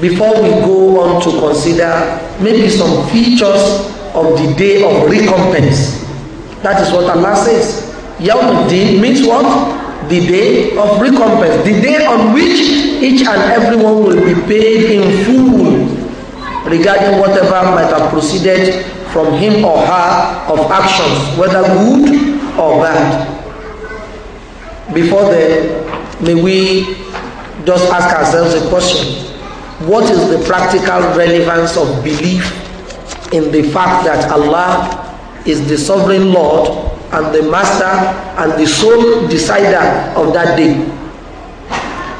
before we go on to consider maybe some features of the day of recompense. That is what Allah says. Yawmuddin means what? The day of recompense. The day on which each and everyone will be paid in full regarding whatever might have proceeded from him or her of actions, whether good or bad. Before then, may we just ask ourselves a question what is the practical relevance of belief in the fact that Allah is the sovereign Lord and the master and the sole decider of that day.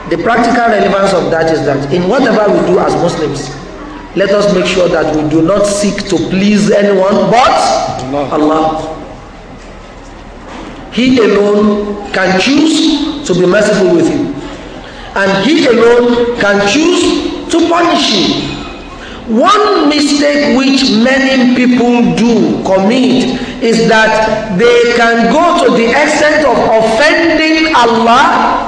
The practical relevance of that is that in whatever we do as Muslims, let us make sure that we do not seek to please anyone but Allah. Allah. He alone can choose to be merciful with you. And He alone can choose to punish you. One mistake which many people do commit is that they can go to the extent of offending Allah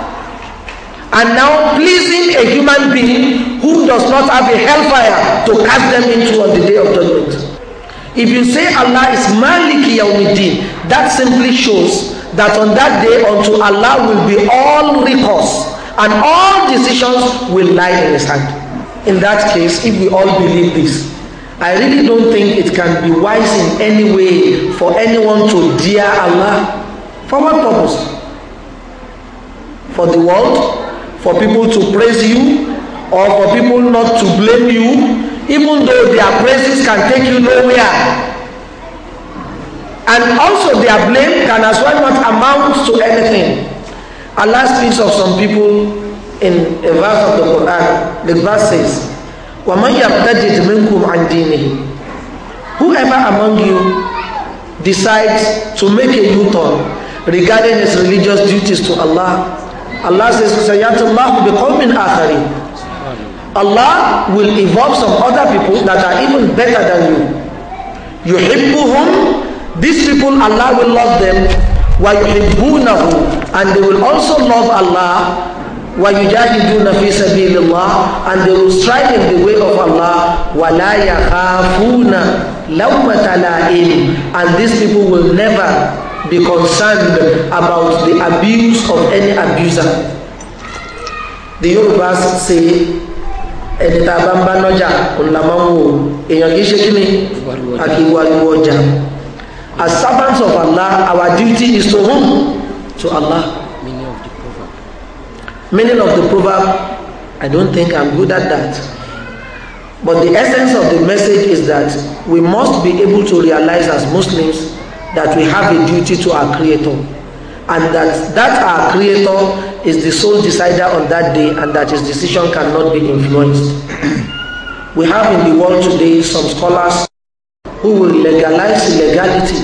and now pleasing a human being who does not have a hellfire to cast them into on the day of judgment. If you say Allah is Maliki Yawmiddin, that simply shows that on that day unto Allah will be all recourse and all decisions will lie in his hand in that case, if we all believe this, I really don't think it can be wise in any way for anyone to dear Allah. For what purpose? For the world? For people to praise you? Or for people not to blame you? Even though their praises can take you nowhere. And also their blame can as well not amount to anything. Allah speaks of some people in a verse of the Quran. The verse says, وَمَنْ يَبْتَدِدْ مِنْكُمْ عَنْ دِينِهِ Whoever among you decides to make a U-turn regarding his religious duties to Allah, Allah says, سَيَاتِ اللَّهُ بِقَوْمٍ آخَرِينَ Allah will evolve some other people that are even better than you. يُحِبُّهُمْ These people, Allah will love them. وَيُحِبُّونَهُ And they will also love Allah وَيُجَاهِدُونَ فِي سَبِيلِ اللَّهِ and they will strive in the way of Allah وَلَا يَخَافُونَ لَوْمَةَ لَائِمٍ and these people will never be concerned about the abuse of any abuser the Yorubas say ẹni tá a bá ń bá lọ́jà òun la ń wò èèyàn kì í ṣe kí ni àkíwáyé ọjà as servants of Allah our duty is to whom to Allah Meaning of the proverb, I don't think I'm good at that. But the essence of the message is that we must be able to realize as Muslims that we have a duty to our Creator. And that, that our Creator is the sole decider on that day and that his decision cannot be influenced. we have in the world today some scholars who will legalize illegality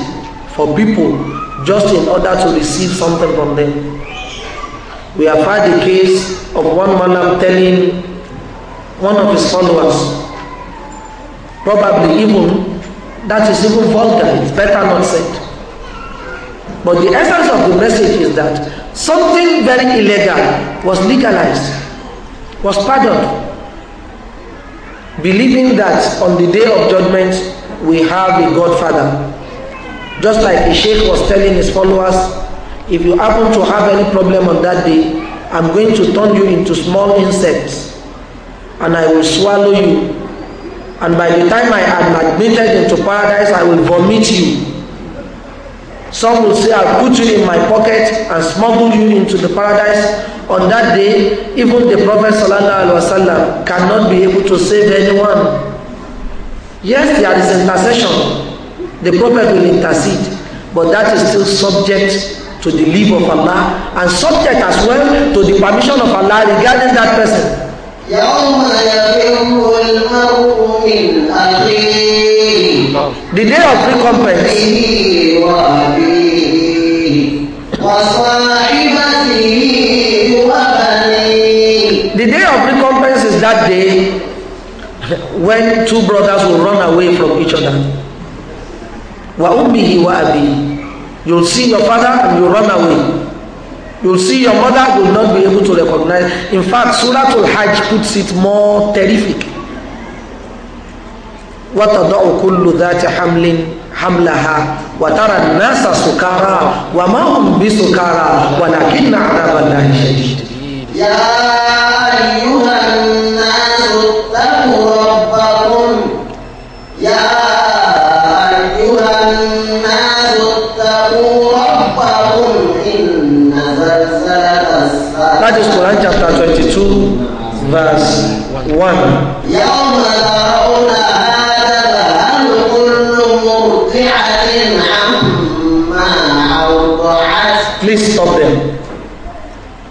for people just in order to receive something from them. We have had the case of one man telling one of his followers, probably even, that is even vulgar, it's better not said. But the essence of the message is that something very illegal was legalized, was pardoned, believing that on the day of judgment we have a godfather. Just like the sheikh was telling his followers If you happen to have any problem on that day, I'm going to turn you into small insects and I will swallow you. And by the time I am admitted into paradise, I will vomit you. Some will say, I'll put you in my pocket and smuggle you into the paradise. On that day, even the Prophet ﷺ cannot be able to save anyone. Yes, there is intercession. The Prophet will intercede, but that is still subject to the leave of Allah and subject as well to the permission of Allah regarding that person. The day of recompense. The day of recompense is that day when two brothers will run away from each other. وأمه وأبيه You'll see your father and you run away. You'll see your mother, will not be able to recognize. In fact, Surah Al-Hajj puts it more terrific. وَتَضَعُ كُلُّ ذَاتِ حَمْلٍ حَمْلَهَا وَتَرَى النَّاسَ سُكَارَى وَمَا هُمْ بِسُكَارَى وَلَكِنَّ عَذَابَ اللَّهِ شَدِيدٌ يَا أَيُّهَا That is Quran chapter 22, verse 1. Please stop them.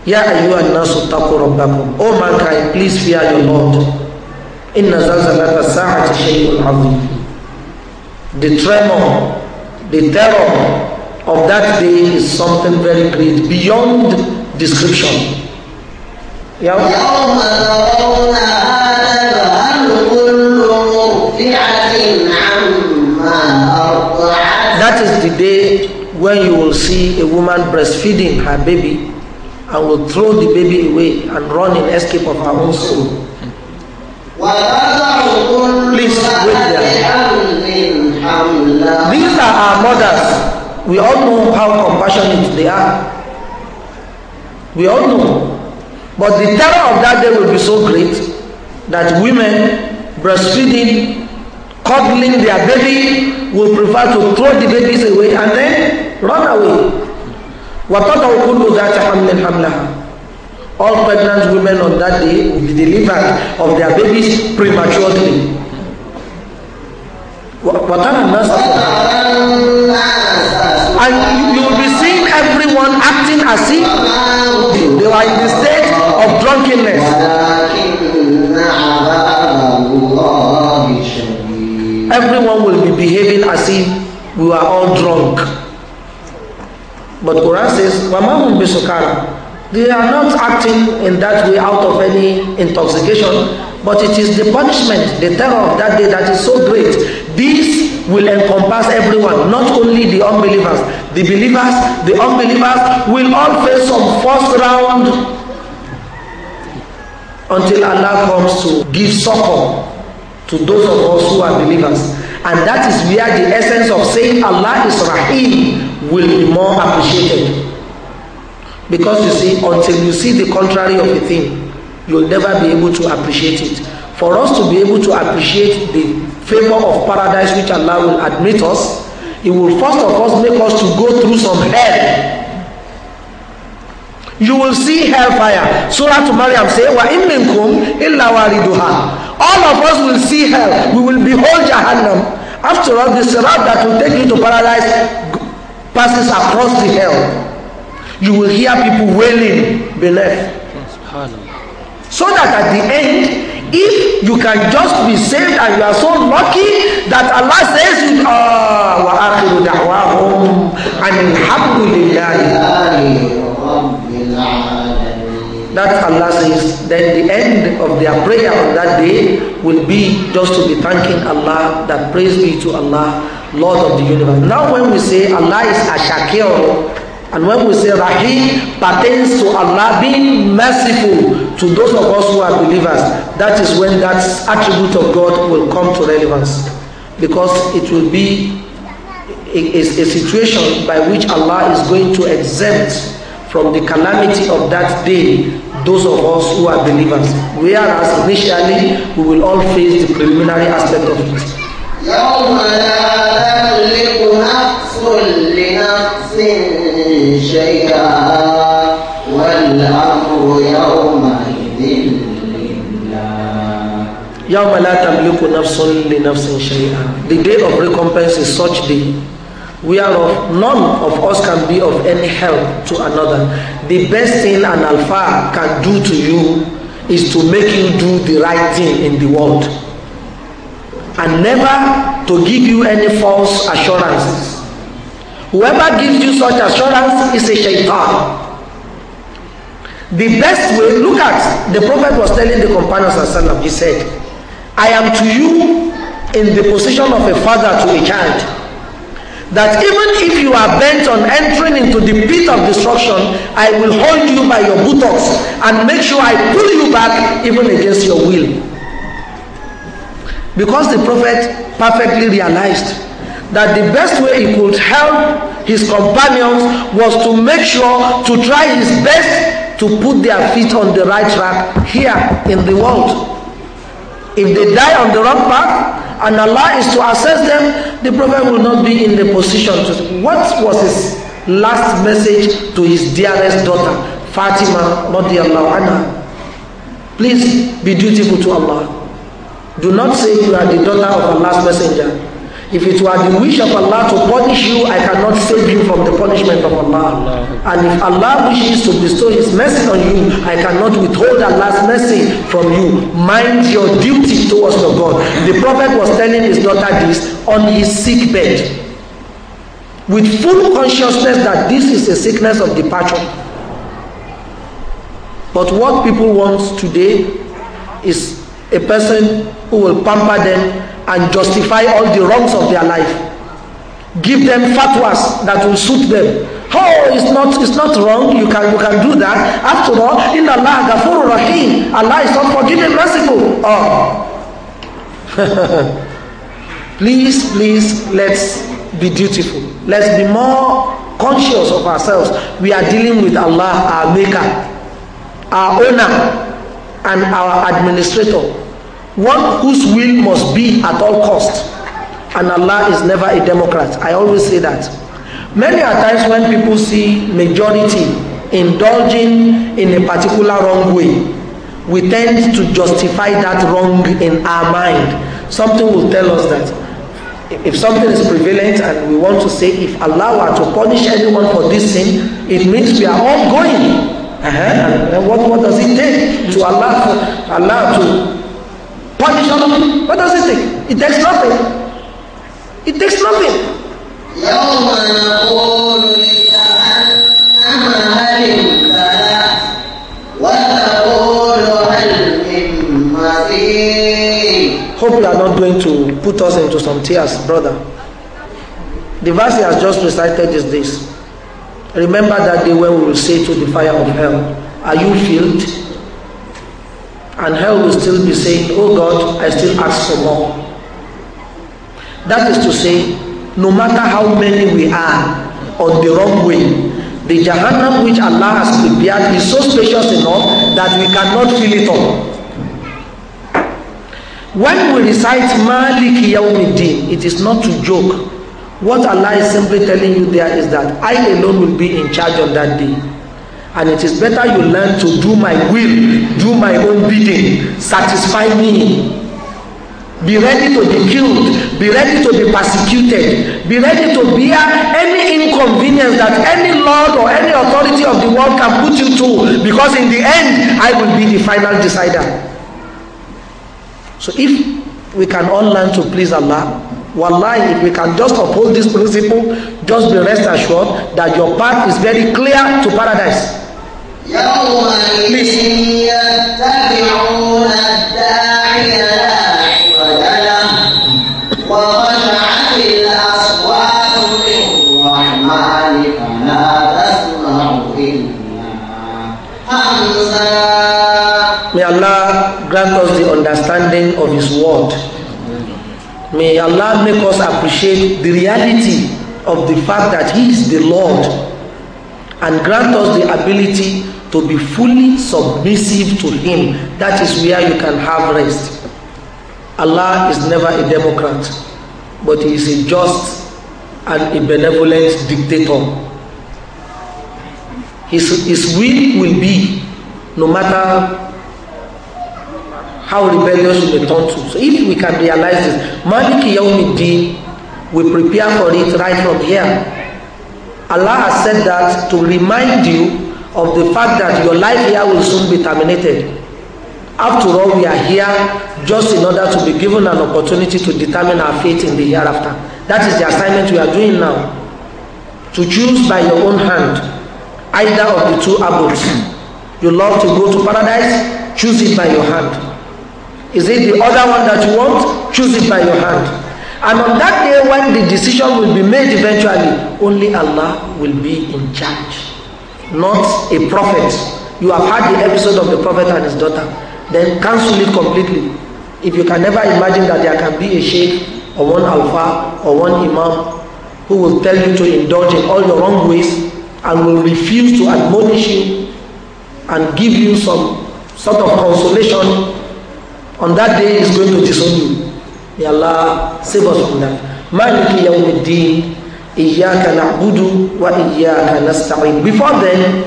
Ya ayyuhan nasu taqu rabbakum. O mankind, please fear your Lord. Inna zalzalata sa'ati shay'un 'azim. The tremor, the terror of that day is something very great beyond description. That is the day when you will see a woman breastfeeding her baby and will throw the baby away and run in escape of her own soul. Please wait there. These are our mothers We all know how compassionate they are. We all know. But the terror of that day will be so great that women breastfeeding, cuddling their baby, will prefer to throw the babies away and then run away. وَتَضَعُ كُلُّ ذَاتِ حَمْلٍ حَمْلَهَا All pregnant women on that day will be delivered of their babies prematurely. وَتَرَى النَّاسَ and you will be seeing everyone acting as if they are in the state of drunkenness. Everyone will be behaving as if we are all drunk. But Quran says, Wamahum sukara." They are not acting in that way out of any intoxication, but it is the punishment, the terror of that day that is so great. These. will encompass everyone, not only the unbelievers. The believers, the unbelievers will all face some first round until Allah comes to give succor to those of us who are believers. And that is where the essence of saying Allah is Rahim will be more appreciated. Because you see, until you see the contrary of a thing, you'll never be able to appreciate it. For us to be able to appreciate the favor of paradise which Allah will admit us, He will first of all make us to go through some hell. You will see hellfire. Surah to Maryam say, Wa imminkum illa wariduha. All of us will see hell. We will behold Jahannam. After all, the sirat that will take you to paradise passes across the hell. You will hear people wailing below. So that at the end, if you can just be saved and you are so lucky that Allah says you ah wa akhiru da'wahum alhamdulillah that Allah says then the end of their prayer on that day will be just to be thanking Allah that praise be to Allah Lord of the universe now when we say Allah is Ashakir And when we say Rahim pertains to Allah being merciful to those of us who are believers, that is when that attribute of God will come to relevance. Because it will be a, a, a situation by which Allah is going to exempt from the calamity of that day those of us who are believers. Whereas initially we will all face the preliminary aspect of it. يوم لا تملك نفس لنفس شيئا والأمر يومئذ لله يوم لا تملك نفس لنفس شيئا The day of recompense is such day whereof none of us can be of any help to another. The best thing an alpha can do to you is to make you do the right thing in the world. and never to give you any false assurances. Whoever gives you such assurance is a shaitan. The best way, look at the Prophet was telling the companions and he said, I am to you in the position of a father to a child. That even if you are bent on entering into the pit of destruction, I will hold you by your buttocks and make sure I pull you back even against your will. Because the prophet perfectly realized that the best way he could help his companions was to make sure to try his best to put their feet on the right track here in the world. If they die on the wrong path and Allah is to assess them, the prophet will not be in the position to. What was his last message to his dearest daughter, Fatima, radiallahu anha? Please be dutiful to Allah. Do not say you are the daughter of Allah's messenger. If it were the wish of Allah to punish you, I cannot save you from the punishment of Allah. And if Allah wishes to bestow His mercy on you, I cannot withhold Allah's mercy from you. Mind your duty towards the God. The Prophet was telling his daughter this on his sick bed. With full consciousness that this is a sickness of departure. But what people want today is a person who will pamper them and justify all the wrongs of their life. Give them fatwas that will suit them. Oh, it's not, it's not wrong. You can, you can do that. After all, in Allah, Ghafur Rahim. Allah is not forgiving, merciful. Oh. please, please, let's be dutiful. Let's be more conscious of ourselves. We are dealing with Allah, our Maker, our Owner and our administrator, one whose will must be at all cost. And Allah is never a Democrat. I always say that. Many a times when people see majority indulging in a particular wrong way, we tend to justify that wrong in our mind. Something will tell us that if something is prevalent and we want to say if Allah were to punish anyone for this sin, it means we are all going Uh-huh. And what, what does it take to allow, allow to punish other people? What does it take? It takes nothing. It takes nothing. Hope you are not going to put us into some tears, brother. The verse he has just recited is this. Remember that day when we will say to the fire of hell, Are you filled? And hell will still be saying, Oh God, I still ask for more. That is to say, no matter how many we are on the wrong way, the Jahannam which Allah has prepared is so spacious enough that we cannot fill it all. When we recite "Malik Yawmiddin, it is not to joke What Allah is simply telling you there is that I alone will be in charge on that day. And it is better you learn to do my will, do my own bidding, satisfy me. Be ready to be killed, be ready to be persecuted, be ready to bear any inconvenience that any lord or any authority of the world can put you to, because in the end, I will be the final decider. So if we can all learn to please Allah, Wallahi, if we can just uphold this principle, just be rest assured that your path is very clear to paradise. Please. May Allah grant us the understanding of His word. May Allah make us appreciate the reality of the fact that He is the Lord and grant us the ability to be fully submissive to Him. That is where you can have rest. Allah is never a Democrat, but He is a just and a benevolent dictator. His, his will will be, no matter how rebellious we turn to. So if we can realize this, Maliki Yawmiddin, we prepare for it right from here. Allah has said that to remind you of the fact that your life here will soon be terminated. After all, we are here just in order to be given an opportunity to determine our fate in the hereafter. That is the assignment we are doing now. To choose by your own hand either of the two abodes. You love to go to paradise, choose it by your hand Is it the other one that you want? Choose it by your hand. And on that day when the decision will be made eventually, only Allah will be in charge. Not a prophet. You have had the episode of the prophet and his daughter. Then cancel it completely. If you can never imagine that there can be a sheikh or one alpha or one imam who will tell you to indulge in all your wrong ways and will refuse to admonish you and give you some sort of consolation On that day, He's going to disown you. May Allah save us from that. Maliki yawmiddin, iyyaka na'budu wa iyyaka nasta'in. Before then,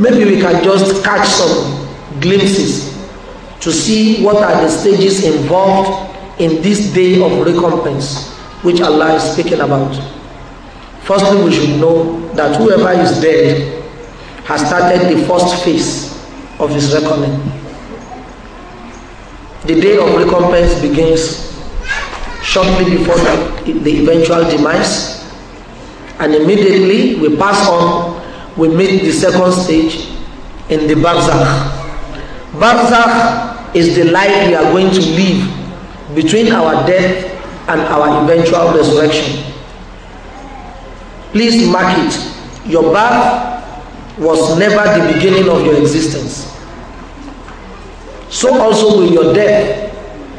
maybe we can just catch some glimpses to see what are the stages involved in this day of recompense which Allah is speaking about. Firstly, we should know that whoever is dead has started the first phase of his reckoning. The day of recompense begins shortly before the, the eventual demise, and immediately we pass on, we meet the second stage in the barzakh. Barzakh is the life we are going to live between our death and our eventual resurrection. Please mark it. Your birth was never the beginning of your existence so also will your death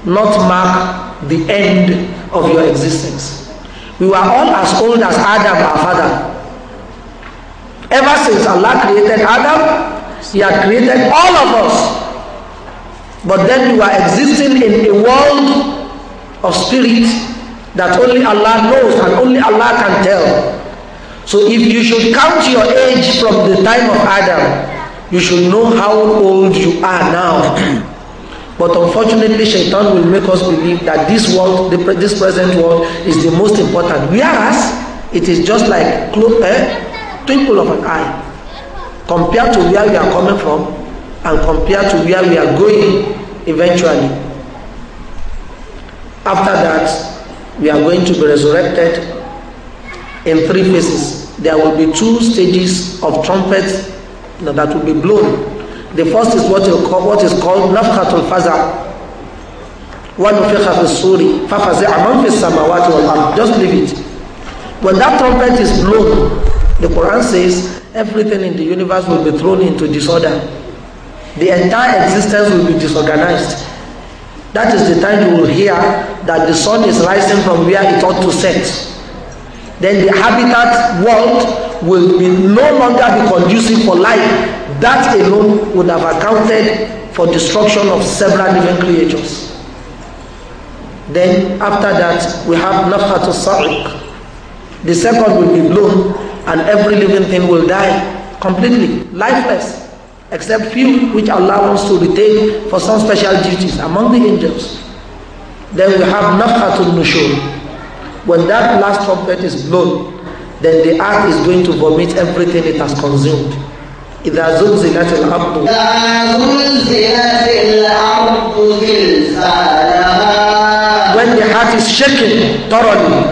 not mark the end of your existence. We were all as old as Adam, our father. Ever since Allah created Adam, He had created all of us. But then we were existing in a world of spirit that only Allah knows and only Allah can tell. So if you should count your age from the time of Adam, you should know how old you are now. But unfortunately, Shaitan will make us believe that this world, the, this present world, is the most important. Whereas, it is just like a eh, twinkle of an eye. Compared to where we are coming from and compared to where we are going eventually. After that, we are going to be resurrected in three phases. There will be two stages of trumpets that will be blown. The first is what, what is called nafkatul faza. وَنُفِخَ فِي الصُّورِ فَفَزِعَ مَنْ فِي السَّمَاوَاتِ وَالْأَرْضِ Just leave it. When that trumpet is blown, the Quran says everything in the universe will be thrown into disorder. The entire existence will be disorganized. That is the time you will hear that the sun is rising from where it ought to set then the habitat world will be no longer be conducive for life. That alone would have accounted for destruction of several living creatures. Then after that, we have Nafhatu Sa'iq. The second will be blown and every living thing will die completely, lifeless, except few which allow us to retain for some special duties among the angels. Then we have Nafhatul Nushur when that last trumpet is blown, then the earth is going to vomit everything it has consumed. إذا زلزلت الأرض When the heart is shaken thoroughly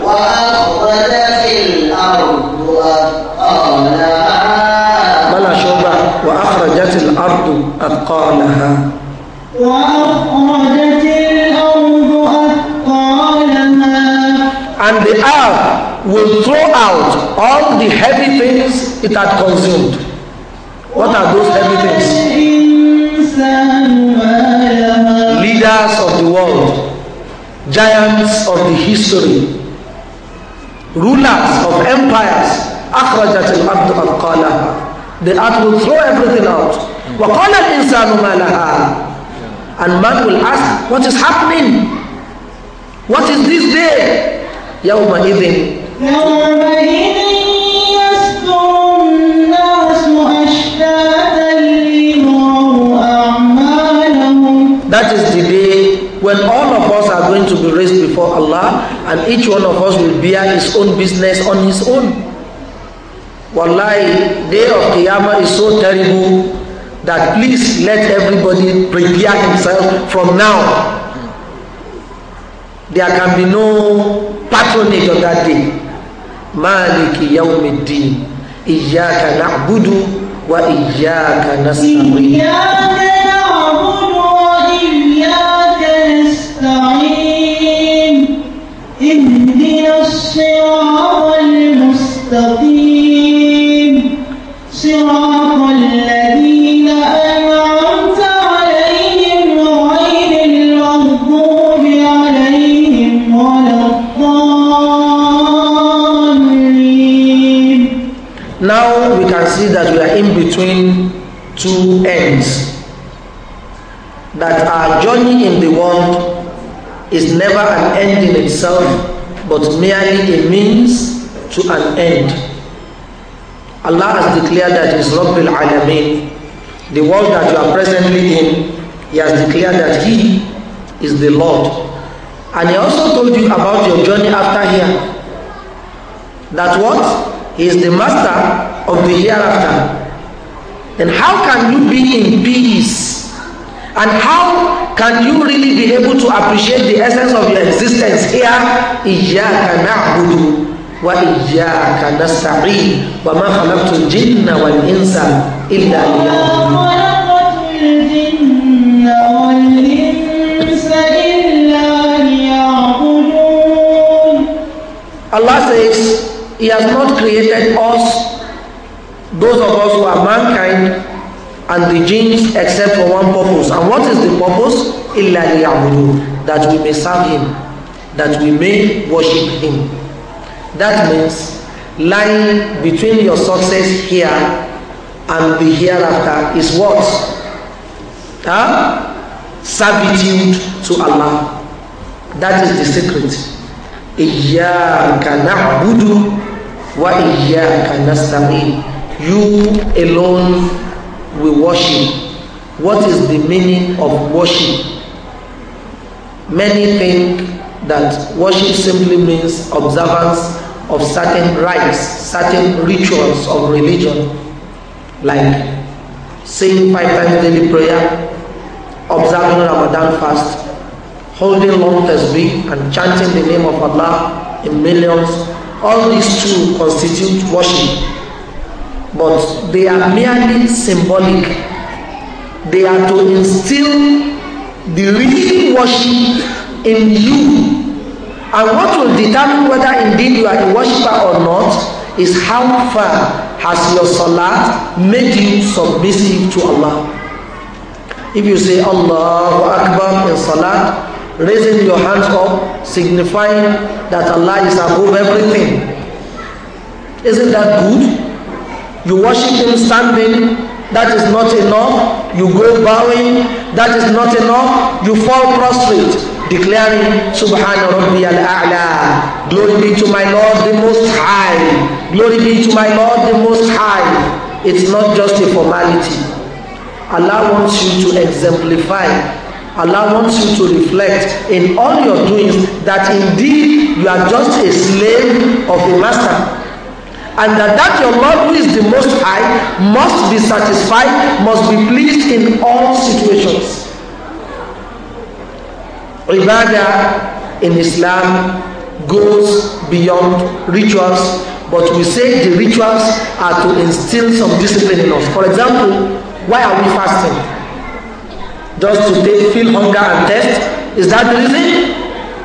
وأخرجت الأرض أثقالها وأخرجت الأرض أثقالها and the earth will throw out all the heavy things it had consumed. What are those heavy things? Leaders of the world, giants of the history, rulers of empires. The earth will throw everything out. And man will ask, what is happening? What is this day? yawma idhin. That is the day when all of us are going to be raised before Allah and each one of us will bear his own business on his own. Wallahi, day of Qiyamah is so terrible that please let everybody prepare himself from now. There can be no patronage of that day maliki yawmiddin iyyaka na'budu wa iyyaka nasta'in iyyaka na'budu wa iyyaka nasta'in ihdinas siratal mustaqim see that we are in between two ends. That our journey in the world is never an end in itself, but merely a means to an end. Allah has declared that His Rabbil Alameen, the world that you are presently in, He has declared that He is the Lord. And He also told you about your journey after here. That what? He is the Master of the hereafter. And how can you be in peace? And how can you really be able to appreciate the essence of your existence here? وَإِيَّاكَ نَسْتَعِينُ وَمَا خَلَقْتُ الْجِنَّ وَالْإِنسَ إِلَّا لِيَعْبُدُونَ Allah says, He has not created us those of us who are mankind and the jinns except for one purpose. And what is the purpose? إِلَّا لِيَعْبُدُونَ That we may serve Him, that we may worship Him. That means lying between your success here and the hereafter is what? Huh? Servitude to Allah. That is the secret. إِيَّاكَ wa وَإِيَّاكَ نَسْتَعِينَ You alone will worship. What is the meaning of worship? Many think that worship simply means observance of certain rites, certain rituals of religion, like saying five times daily prayer, observing Ramadan fast, holding long tasbih and chanting the name of Allah in millions. All these two constitute worship. but they are merely symbolic. They are to instill the real worship in you. And what will determine whether indeed you are a worshiper or not is how far has your salat made you submissive to Allah. If you say Allahu Akbar in salat, raising your hands up, signifying that Allah is above everything. Isn't that good? You worship him standing, that is not enough. You go bowing, that is not enough. You fall prostrate, declaring, Subhana Rabbi al-A'la. Glory be to my Lord the Most High. Glory be to my Lord the Most High. It's not just a formality. Allah wants you to exemplify Allah wants you to reflect in all your doings that indeed you are just a slave of a master and that, that your Lord who is the most high must be satisfied, must be pleased in all situations. Ibadah in Islam goes beyond rituals, but we say the rituals are to instill some discipline in us. For example, why are we fasting? Just to take, feel hunger and thirst? Is that the reason?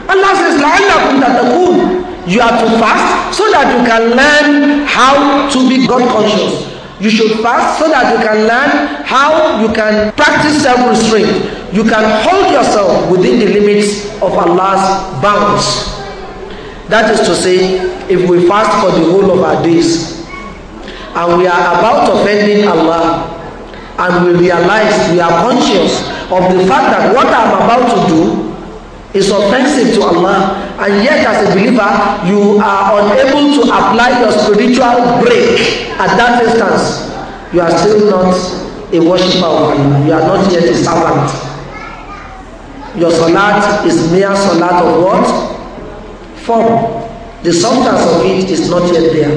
Allah says, لَعَلَّكُمْ تَتَقُونَ You are to fast so that you can learn how to be God conscious. You should fast so that you can learn how you can practice self-restraint. You can hold yourself within the limits of Allah's bounds. That is to say, if we fast for the whole of our days and we are about offending Allah and we realize we are conscious of the fact that what I am about to do is offensive to Allah and yet as a believer you are unable to apply your spiritual break at that instance you are still not a worshiper of Allah you are not yet a servant your salat is mere salat of what form the substance of it is not yet there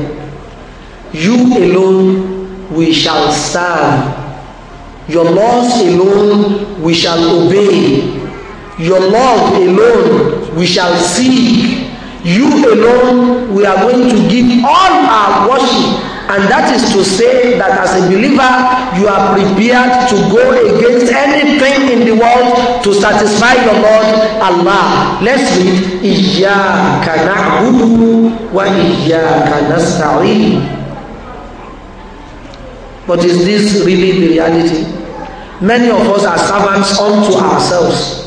you alone we shall serve your laws alone we shall obey your love alone we shall see you alone we are going to give all our worship and that is to say that as a believer you are prepared to go against anything in the world to satisfy your Lord Allah let's read Kana, na'budu wa Kana, Sari. but is this really the reality many of us are servants unto ourselves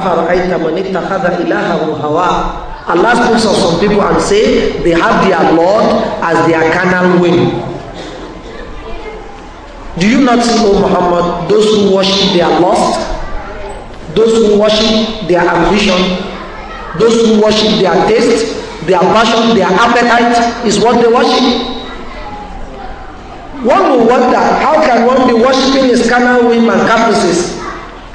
Allah speaks of some people and say they have their Lord as their carnal will. Do you not see, O Muhammad, those who worship their lust, those who worship their ambition, those who worship their taste, their passion, their appetite is what they worship? One will wonder, how can one be worshipping his carnal whim and caprices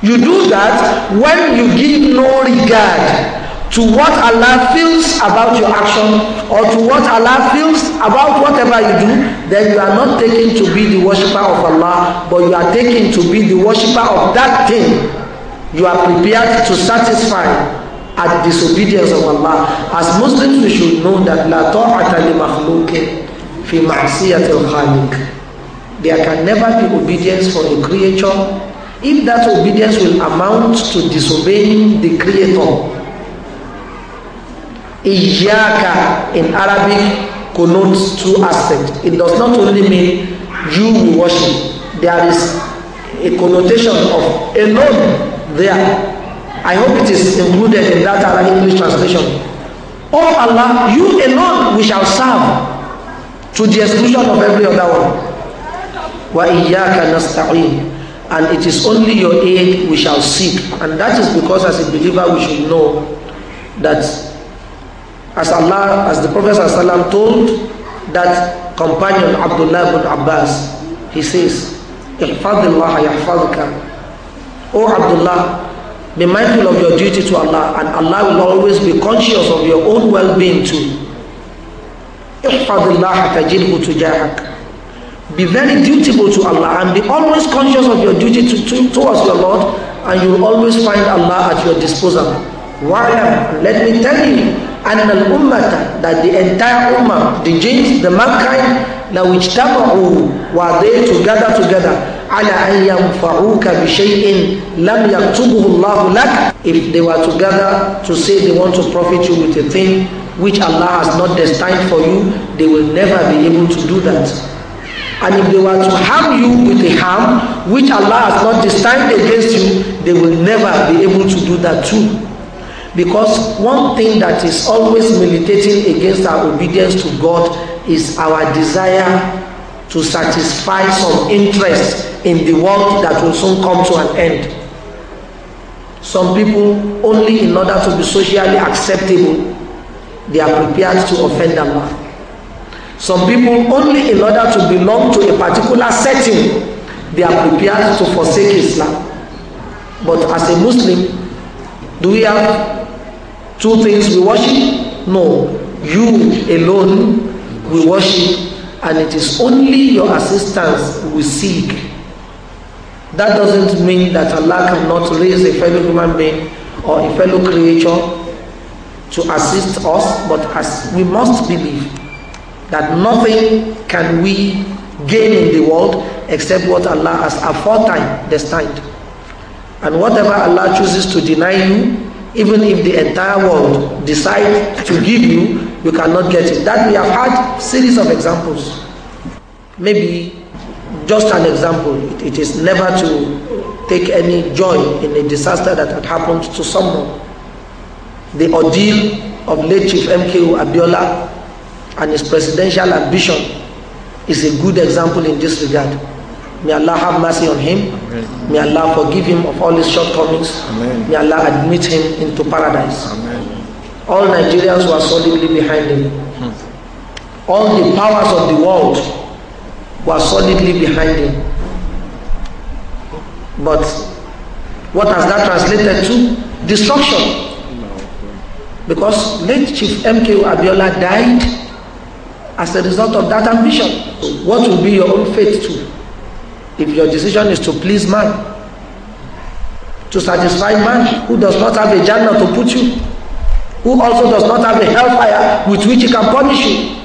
You do that when you give no regard to what Allah feels about your action or to what Allah feels about whatever you do, then you are not taken to be the worshipper of Allah, but you are taken to be the worshipper of that thing you are prepared to satisfy at disobedience of Allah. As Muslims, we should know that la ta'ata li makhluqin fi ma'siyati al-khaliq. There can never be obedience for a creature if that obedience will amount to disobeying the creator iyaka in arabic connotes two aspects it does not only mean you will worship there is a connotation of alone there i hope it is included in that arabic english translation oh allah you alone we shall serve to the exclusion of every other one wa iyaka nasta'in and it is only your aid we shall seek. And that is because as a believer we should know that as Allah, as the Prophet ﷺ told that companion Abdullah ibn Abbas, he says, Ihfadillah O Abdullah, be mindful of your duty to Allah and Allah will always be conscious of your own well-being too. Be very dutiful to Allah and be always conscious of your duty to, to, towards your Lord and you will always find Allah at your disposal. Wa'lam, let me tell you, and the ummah that the entire ummah, the jinns, the mankind, لو اجتمعوا were they to gather together على أن ينفعوك بشيء لم if they were to gather to say they want to profit you with a thing which Allah has not destined for you they will never be able to do that And if they were to harm you with a harm which Allah has not destined against you, they will never be able to do that too. Because one thing that is always militating against our obedience to God is our desire to satisfy some interest in the world that will soon come to an end. Some people, only in order to be socially acceptable, they are prepared to offend Allah. Some people only in order to belong to a particular setting, they are prepared to forsake Islam. But as a Muslim, do we have two things we worship? No. You alone we worship, and it is only your assistance we seek. That doesn't mean that Allah cannot raise a fellow human being or a fellow creature to assist us, but as we must believe that nothing can we gain in the world except what Allah has aforetime destined. And whatever Allah chooses to deny you, even if the entire world decides to give you, you cannot get it. That we have had series of examples. Maybe just an example. it, it is never to take any joy in a disaster that had happened to someone. The ordeal of late Chief MKU Abiola and his presidential ambition is a good example in this regard. May Allah have mercy on him. Amen. May Allah forgive him of all his shortcomings. Amen. May Allah admit him into paradise. Amen. All Nigerians were solidly behind him. Hmm. All the powers of the world were solidly behind him. But what has that translated to? Destruction. Because late Chief MK Abiola died as a result of that ambition? What will be your own fate too? If your decision is to please man, to satisfy man who does not have a jannah to put you, who also does not have a hellfire with which he can punish you.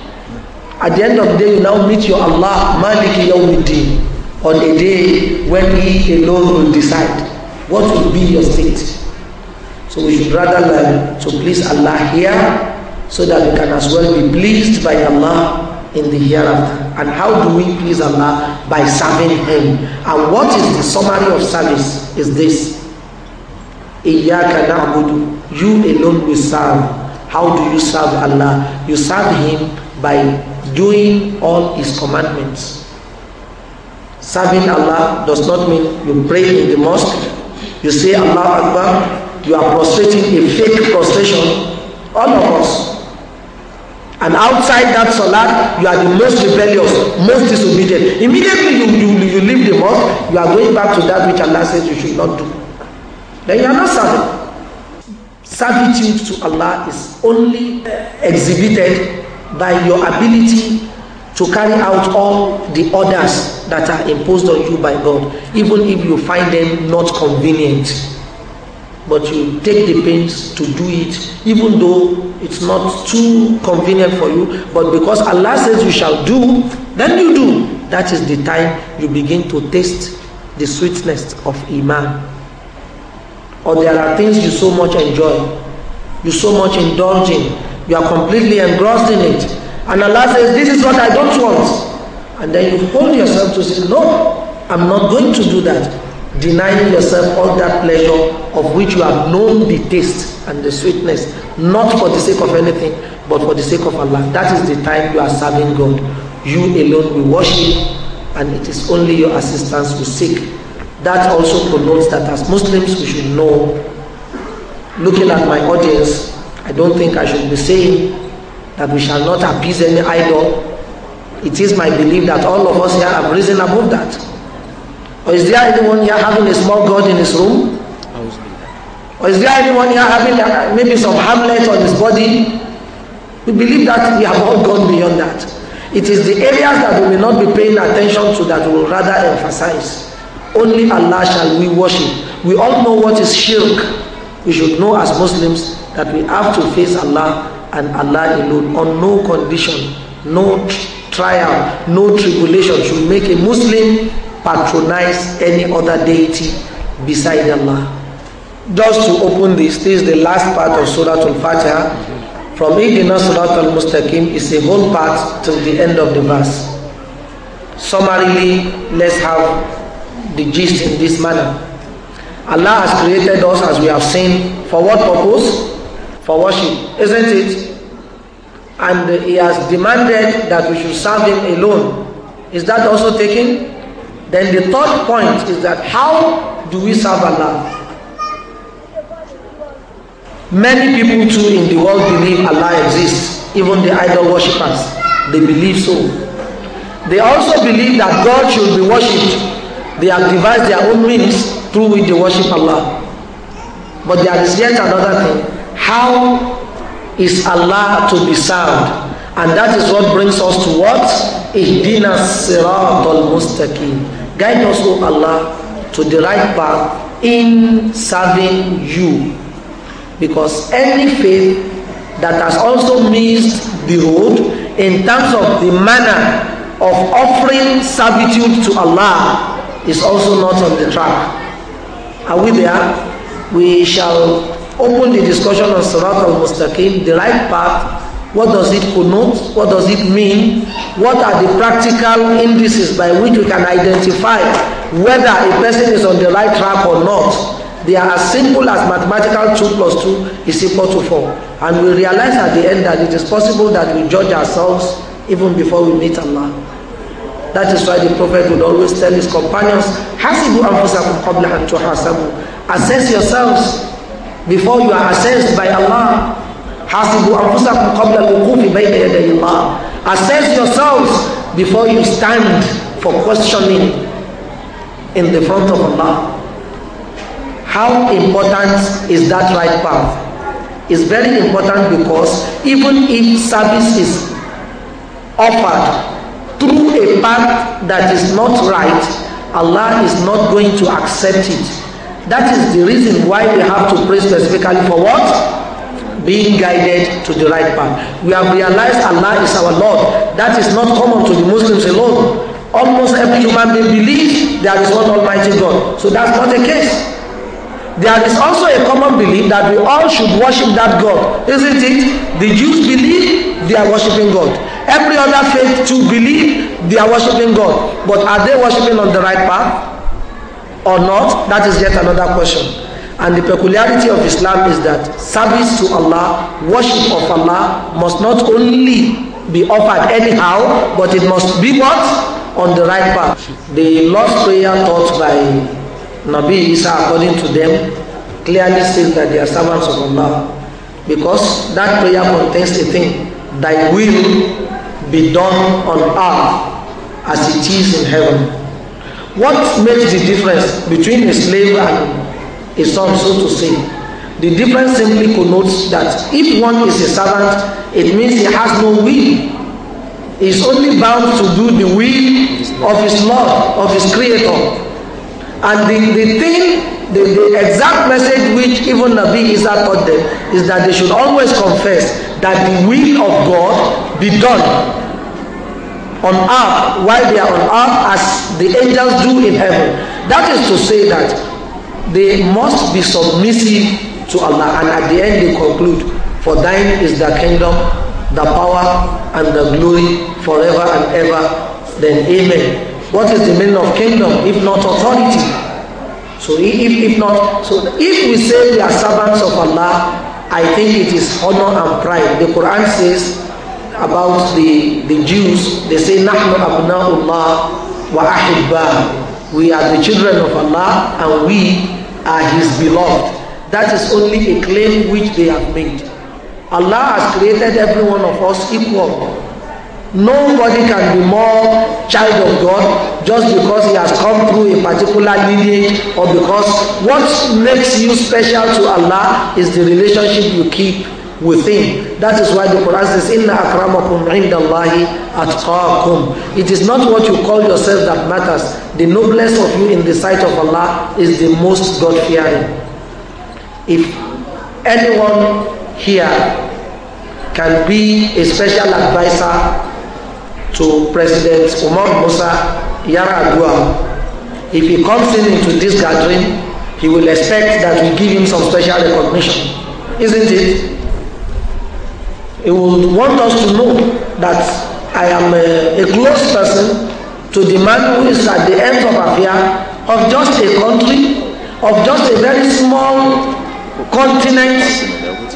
At the end of the day, you now meet your Allah, Maliki Yawmiddin, on a day when He alone will decide what will be your state. So we should rather learn to please Allah here so that we can as well be pleased by Allah in the hereafter. And how do we please Allah? By serving Him. And what is the summary of service? Is this. You alone will serve. How do you serve Allah? You serve Him by doing all His commandments. Serving Allah does not mean you pray in the mosque, you say Allah Akbar, you are prostrating a fake prostration. All of us, And outside that salat, you are the most rebellious, most disobedient. Immediately you, you, you leave the mosque, you are going back to that which Allah says you should not do. Then you are not serving. Servitude to Allah is only eh, exhibited by your ability to carry out all the orders that are imposed on you by God, even if you find them not convenient. but you take the pains to do it, even though it's not too convenient for you. But because Allah says you shall do, then you do. That is the time you begin to taste the sweetness of Iman. Or there are things you so much enjoy, you so much indulge in, you are completely engrossed in it. And Allah says, This is what I don't want. And then you hold yourself to say, No, I'm not going to do that denying yourself all that pleasure of which you have known the taste and the sweetness, not for the sake of anything, but for the sake of Allah. That is the time you are serving God. You alone will worship, and it is only your assistance we seek. That also promotes that as Muslims we should know. Looking at my audience, I don't think I should be saying that we shall not appease any idol. It is my belief that all of us here have risen above that. Or is there anyone here having a small god in his room? Or is there anyone here having uh, maybe some hamlet on his body? We believe that we have all gone beyond that. It is the areas that we may not be paying attention to that we will rather emphasize. Only Allah shall we worship. We all know what is shirk. We should know as Muslims that we have to face Allah and Allah alone on no condition, no trial, no tribulation should make a Muslim patronize any other deity beside Allah. Just to open this, this is the last part of Surah Al-Fatiha. From Ihdina Surah Al-Mustaqim is a whole part till the end of the verse. Summarily, let's have the gist in this manner. Allah has created us as we have seen. For what purpose? For worship, isn't it? And He has demanded that we should serve Him alone. Is that also taken? Then the third point is that how do we serve Allah? Many people too in the world believe Allah exists, even the idol worshippers. They believe so. They also believe that God should be worshipped. They have devised their own means through which they worship Allah. But there is yet another thing. How is Allah to be served? And that is what brings us to what? Ihdina siratal mustaqim. Guide us, O Allah, to the right path in serving you. Because any faith that has also missed the road in terms of the manner of offering servitude to Allah is also not on the track. Are we there? We shall open the discussion on Surat al-Mustaqim, the right path, What does it connote? What does it mean? What are the practical indices by which we can identify whether a person is on the right track or not? They are as simple as mathematical 2 plus 2 is equal to 4. And we realize at the end that it is possible that we judge ourselves even before we meet Allah. That is why the Prophet would always tell his companions, Hasibu anfusakum qabla an tuhasabu. Assess yourselves before you are assessed by Allah. Hasibu anfusakum qabla al-wuqufi bayna yaday Allah. Assess yourselves before you stand for questioning in the front of Allah. How important is that right path? It's very important because even if service is offered through a path that is not right, Allah is not going to accept it. That is the reason why we have to pray specifically for what? being guided to the right path. We have realized Allah is our Lord. That is not common to the Muslims alone. Almost every human being believes there is one Almighty God. So that's not the case. There is also a common belief that we all should worship that God, isn't it? The Jews believe they are worshiping God. Every other faith too believe they are worshiping God. But are they worshiping on the right path or not? That is yet another question. And the peculiarity of Islam is that service to Allah, worship of Allah must not only be offered anyhow, but it must be what? On the right path. The Lord's Prayer taught by Nabi Isa according to them clearly states that they are servants of Allah. Because that prayer contains the thing, thy will be done on earth as it is in heaven. What makes the difference between a slave and a son, so to say. The difference simply connotes that if one is a servant, it means he has no will. He is only bound to do the will of his Lord, of his Creator. And the, the thing, the, the exact message which even Nabi Isa taught them is that they should always confess that the will of God be done on earth while they are on earth as the angels do in heaven. That is to say that They must be submissive to Allah. And at the end they conclude, For thine is the kingdom, the power, and the glory forever and ever. Then Amen. What is the meaning of kingdom if not authority? So if, if not, so if we say we are servants of Allah, I think it is honor and pride. The Quran says about the, the Jews, they say, نَحْنُ أَبْنَاءُ wa وَأَحِبَّاهُ We are the children of Allah and we are His beloved. That is only a claim which they have made. Allah has created every one of us equal. Nobody can be more child of God just because he has come through a particular lineage or because what makes you special to Allah is the relationship you keep within. That is why the Quran says, Inna akramakum indallahi atqakum. It is not what you call yourself that matters. The noblest of you in the sight of Allah is the most God-fearing. If anyone here can be a special advisor to President Umar Musa Yar'Adua, if he comes in into this gathering, he will expect that we give him some special recognition. Isn't it? He would want us to know that I am a, a close person to the man who is at the end of affair of just a country, of just a very small continent.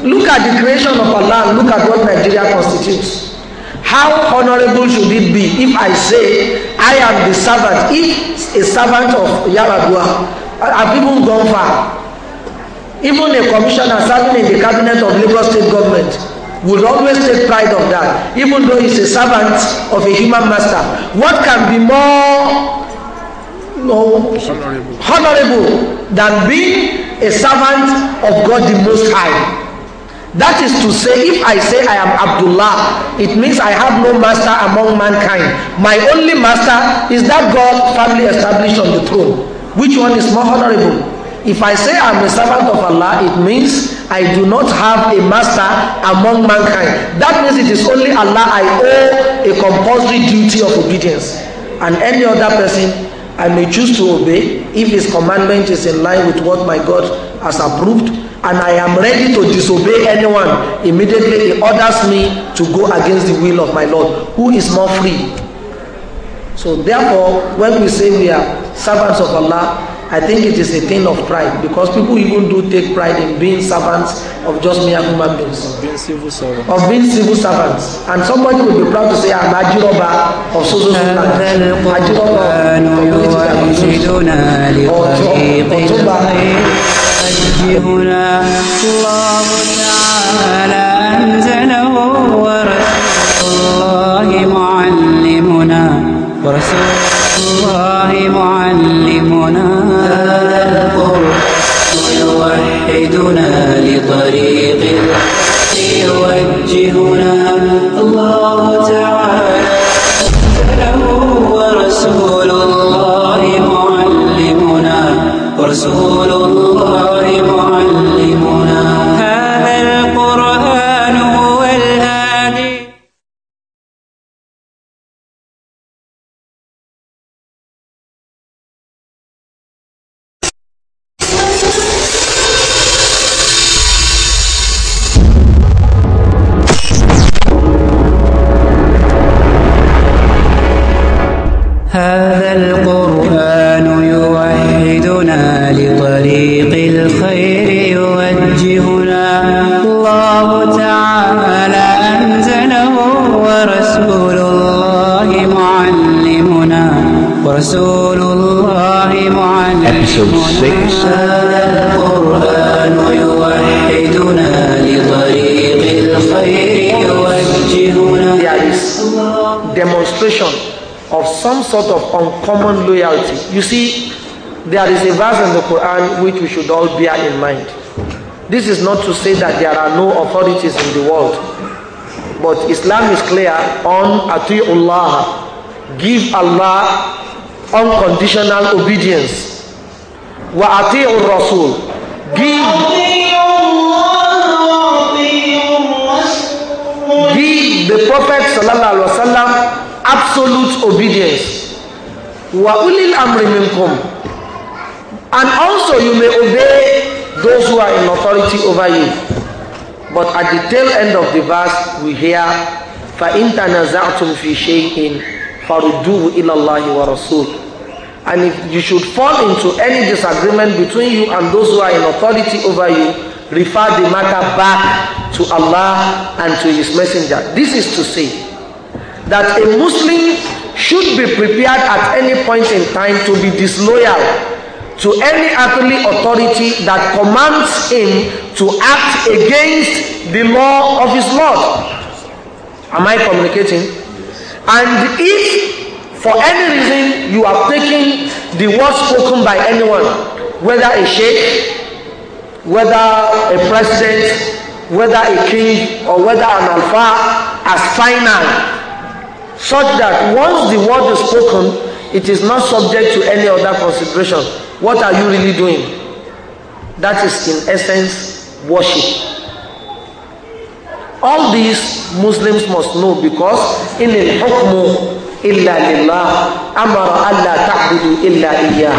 Look at the creation of Allah. Look at what Nigeria constitutes. How honourable should it be if I say I am the servant, if a servant of Yaradua? Have even gone far? Even a commissioner serving in the cabinet of Lagos state government would always take pride of that, even though he's a servant of a human master. What can be more no, honorable. honorable than being a servant of God the Most High? That is to say, if I say I am Abdullah, it means I have no master among mankind. My only master is that God firmly established on the throne. Which one is more honorable? If I say I'm a servant of Allah, it means I do not have a master among mankind. That means it is only Allah I owe a compulsory duty of obedience. And any other person, I may choose to obey if his commandment is in line with what my God has approved. And I am ready to disobey anyone. Immediately he orders me to go against the will of my Lord. Who is more free? So therefore, when we say we are servants of Allah, I think it is a thing of pride because people even do take pride in being servants of just mere human beings. Of being civil servants. Of being civil servants. And somebody would be proud to say, I'm Ajiroba of so so so الله معلمنا ورسول الله معلمنا You see, there is a verse in the Quran which we should all bear in mind. This is not to say that there are no authorities in the world. But Islam is clear on Allah. Give Allah unconditional obedience. Wa ati'ur Rasul. Give, give the Prophet sallallahu alaihi wasallam absolute obedience wa ulil amri minkum and also you may obey those who are in authority over you but at the tail end of the verse we hear fa in tanaza'tum fi shay'in farudduhu ila Allah wa rasul and if you should fall into any disagreement between you and those who are in authority over you refer the matter back to Allah and to his messenger this is to say that a muslim should be prepared at any point in time to be disloyal to any earthly authority that commands him to act against the law of his Lord. Am I communicating? And if for any reason you are taking the word spoken by anyone, whether a sheikh, whether a president, whether a king, or whether an alpha, as final, such that once the word is spoken, it is not subject to any other consideration. What are you really doing? That is, in essence, worship. All these Muslims must know because in the hukmu illa lillah amara allah ta'budu illa iyyah.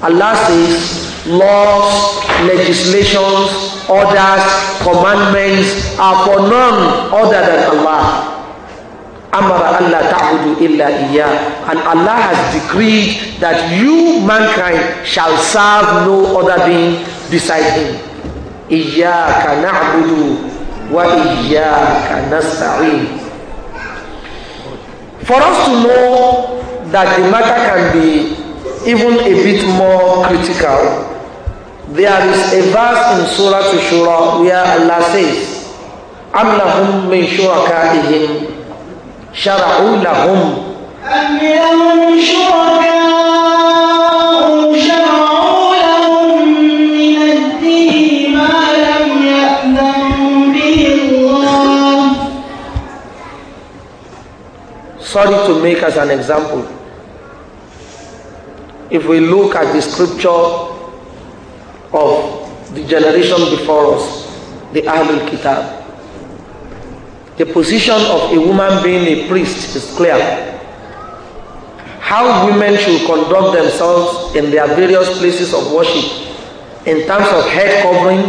Allah says laws, legislations, orders, commandments are for none other than Allah amara Allah ta'budu illa iya. And Allah has decreed that you, mankind, shall serve no other being beside him. Iyaka na'budu wa Iya iyaka nasta'in. For us to know that the matter can be even a bit more critical, there is a verse in Surah to Shura where Allah says, أَمْ لَهُمْ min شُرَكَائِهِمْ شرعوا لهم أم لهم شركاء شرعوا لهم من الدين ما لم يأذن به الله Sorry to make as an example. If we look at the scripture of the generation before us, the Ahlul Kitab, The position of a woman being a priest is clear. How women should conduct themselves in their various places of worship, in terms of head covering,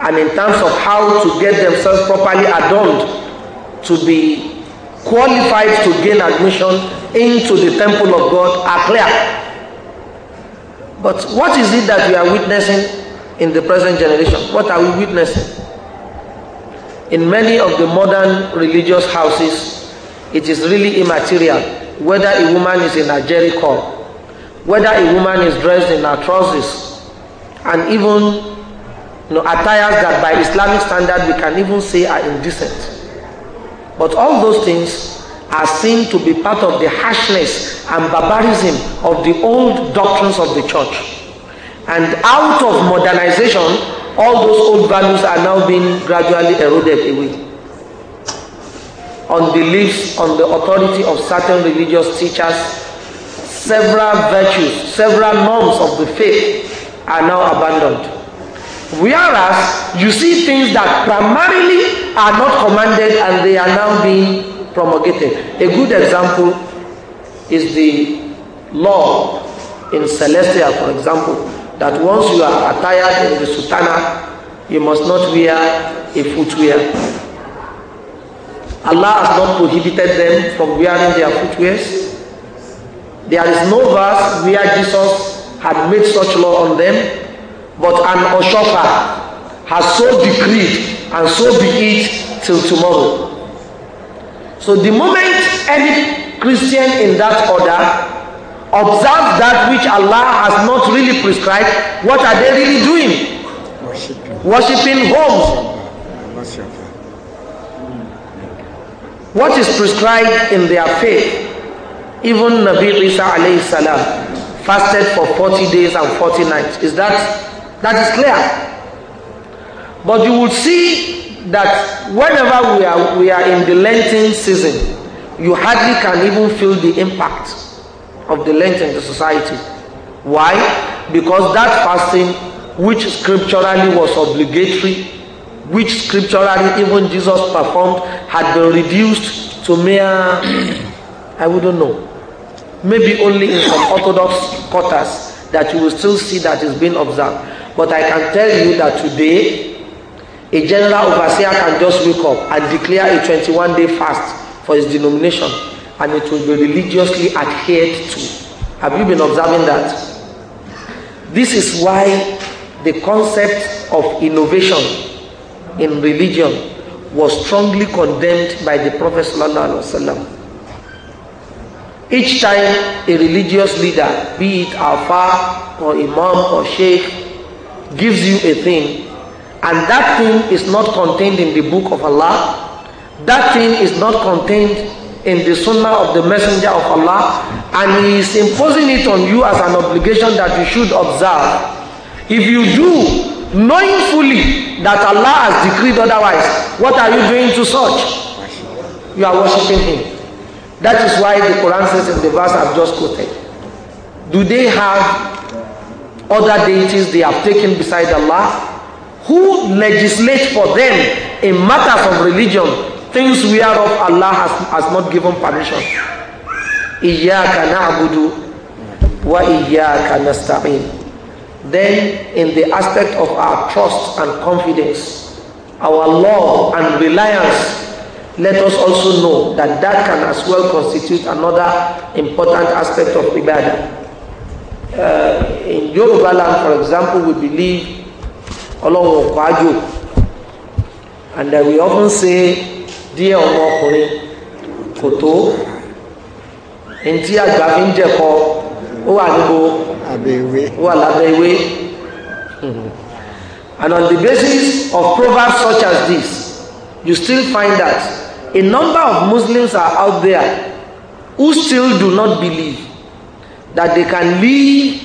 and in terms of how to get themselves properly adorned to be qualified to gain admission into the temple of God are clear. But what is it that we are witnessing in the present generation? What are we witnessing? In many of the modern religious houses, it is really immaterial whether a woman is in a jericho, whether a woman is dressed in atrocities, trousers, and even you know, attires that by Islamic standard we can even say are indecent. But all those things are seen to be part of the harshness and barbarism of the old doctrines of the church. And out of modernization, all those old values are now being gradually eroded away. On beliefs, on the authority of certain religious teachers, several virtues, several norms of the faith are now abandoned. Whereas you see things that primarily are not commanded and they are now being promulgated. A good example is the law in Celestia, for example, that once you are attired in the sultana, you must not wear a footwear. Allah has not prohibited them from wearing their footwears. There is no verse where Jesus had made such law on them, but an Oshofa has so decreed and so be it till tomorrow. So the moment any Christian in that order observe that which Allah has not really prescribed, what are they really doing? Worshipping, Worshipping homes. What is prescribed in their faith? Even Nabi Isa alayhi salam fasted for 40 days and 40 nights. Is that that is clear? But you will see that whenever we are we are in the Lenten season, you hardly can even feel the impact of the length in the society. Why? Because that fasting, which scripturally was obligatory, which scripturally even Jesus performed, had been reduced to mere, I wouldn't know, maybe only in some Orthodox quarters that you will still see that is being observed. But I can tell you that today, a general overseer can just wake up and declare a 21 day fast for his denomination and it will be religiously adhered to. Have you been observing that? This is why the concept of innovation in religion was strongly condemned by the Prophet. Each time a religious leader, be it Alpha or Imam or Sheikh, gives you a thing, and that thing is not contained in the book of Allah, that thing is not contained in the sunnah of the messenger of Allah and he is imposing it on you as an obligation that you should observe. If you do, knowing fully that Allah has decreed otherwise, what are you doing to such? You are worshiping Him. That is why the Quran says in the verse I have just quoted. Do they have other deities they have taken beside Allah who legislate for them in matters of religion Things we are of Allah has, has not given permission. Iyaka na'budu wa iyaka nasta'in. Then in the aspect of our trust and confidence, our love and reliance, let us also know that that can as well constitute another important aspect of ibadah. Uh, in Yoruba land, for example, we believe along Okwajo. And uh, we often say díẹ̀ ọmọ ọkùnrin kò tó ntí àgbà fi ń jẹkọ ó wà níbo ó wà lábẹ́ ìwé and on the basis of proverbs such as this you still find that a number of Muslims are out there who still do not believe that they can live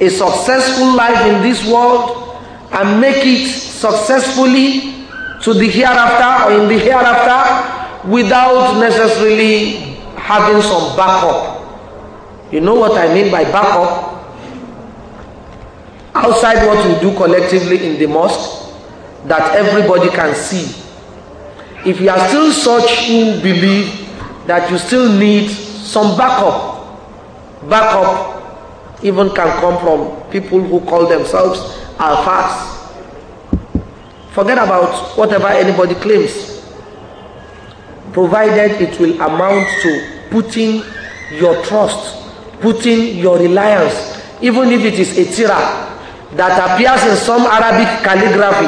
a successful life in this world and make it successfully to the hereafter or in the hereafter without necessarily having some backup. You know what I mean by backup? Outside what we do collectively in the mosque that everybody can see. If you are still such who believe that you still need some backup, backup even can come from people who call themselves alfas. Forget about whatever anybody claims, provided it will amount to putting your trust, putting your reliance, even if it is a tira that appears in some Arabic calligraphy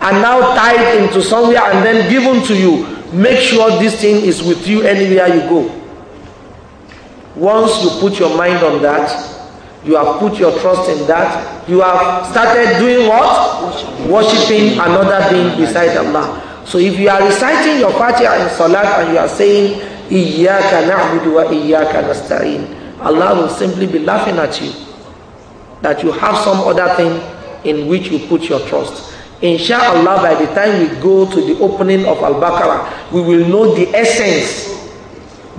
and now tied into somewhere and then given to you. Make sure this thing is with you anywhere you go. Once you put your mind on that, You have put your trust in that. You have started doing what? Worshipping another being beside Allah. So if you are reciting your Fatiha in Salat and you are saying, Iyaka na'budu wa iyaka nasta'in, Allah will simply be laughing at you that you have some other thing in which you put your trust. Inshallah, by the time we go to the opening of Al Baqarah, we will know the essence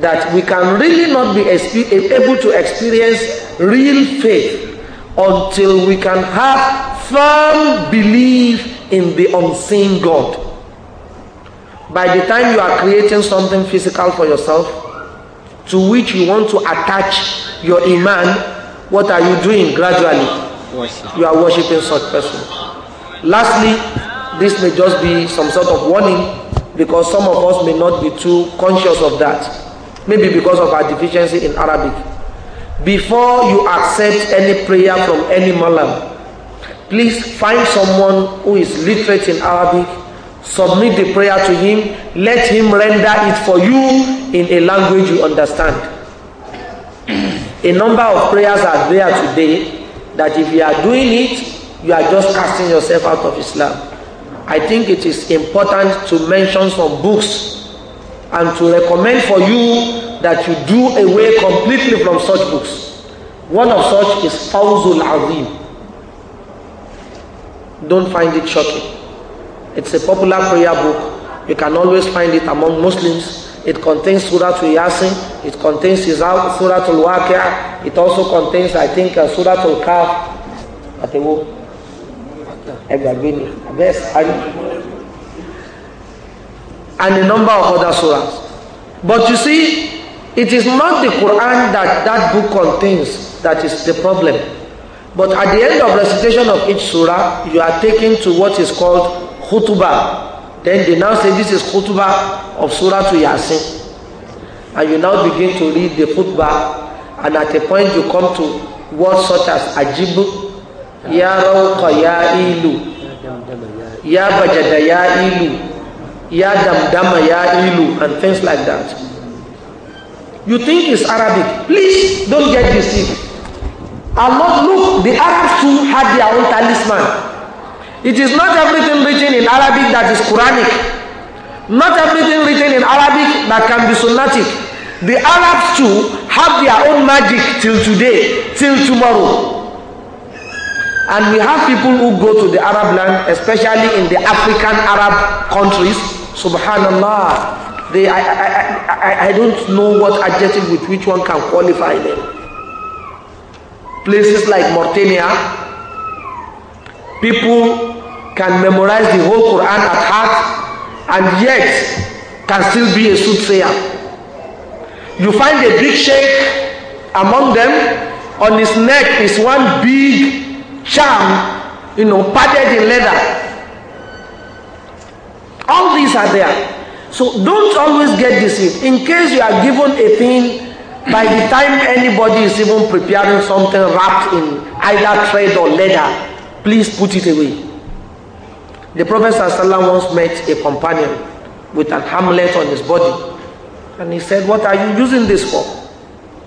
that we can really not be able to experience real faith until we can have firm belief in the unseen God. By the time you are creating something physical for yourself, to which you want to attach your iman, what are you doing gradually? You are worshiping such person. Lastly, this may just be some sort of warning because some of us may not be too conscious of that. Maybe because of our deficiency in Arabic before you accept any prayer from any malam, please find someone who is literate in Arabic, submit the prayer to him, let him render it for you in a language you understand. a number of prayers are there today that if you are doing it, you are just casting yourself out of Islam. I think it is important to mention some books and to recommend for you that you do away completely from such books. One of such is Fawzul Azim. Don't find it shocking. It's a popular prayer book. You can always find it among Muslims. It contains Surah to Yasin. It contains Surah to Waqia. It also contains, I think, uh, Surah to Kaf. Atewo. Egbagini. Yes. And a number of other surahs. But you see, It is not the Quran that that book contains that is the problem. But at the end of recitation of each surah, you are taken to what is called khutbah. Then they now say this is khutbah of surah to Yasin. And you now begin to read the khutbah. And at a point you come to words such as ajib, ya rawqa ya ilu, ya bajada ya ilu, ya damdama ya ilu, and things like that. You think it's Arabic. Please don't get deceived. not look, the Arabs too had their own talisman. It is not everything written in Arabic that is Quranic. Not everything written in Arabic that can be Sunnatic. The Arabs too have their own magic till today, till tomorrow. And we have people who go to the Arab land, especially in the African Arab countries. Subhanallah They, I, I, I, I don't know what adjective with which one can qualify them. Places like Mauritania, people can memorize the whole Quran at heart and yet can still be a soothsayer. You find a big sheikh among them, on his neck is one big charm, you know, padded in leather. All these are there. So don't always get deceived. In case you are given a thing, by the time anybody is even preparing something wrapped in either thread or leather, please put it away. The Prophet ﷺ once met a companion with an amulet on his body. And he said, What are you using this for?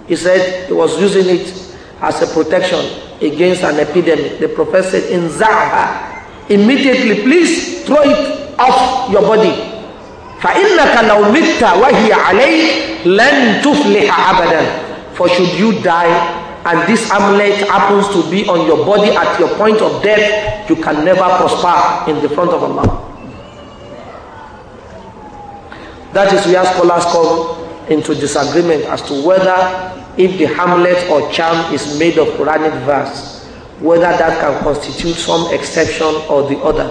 He said he was using it as a protection against an epidemic. The Prophet said, In Zaha, immediately please throw it off your body. فإنك لو مت وهي عليك لن تفلح أبدا for should you die and this amulet happens to be on your body at your point of death you can never prosper in the front of Allah that is where scholars come into disagreement as to whether if the amulet or charm is made of Quranic verse whether that can constitute some exception or the other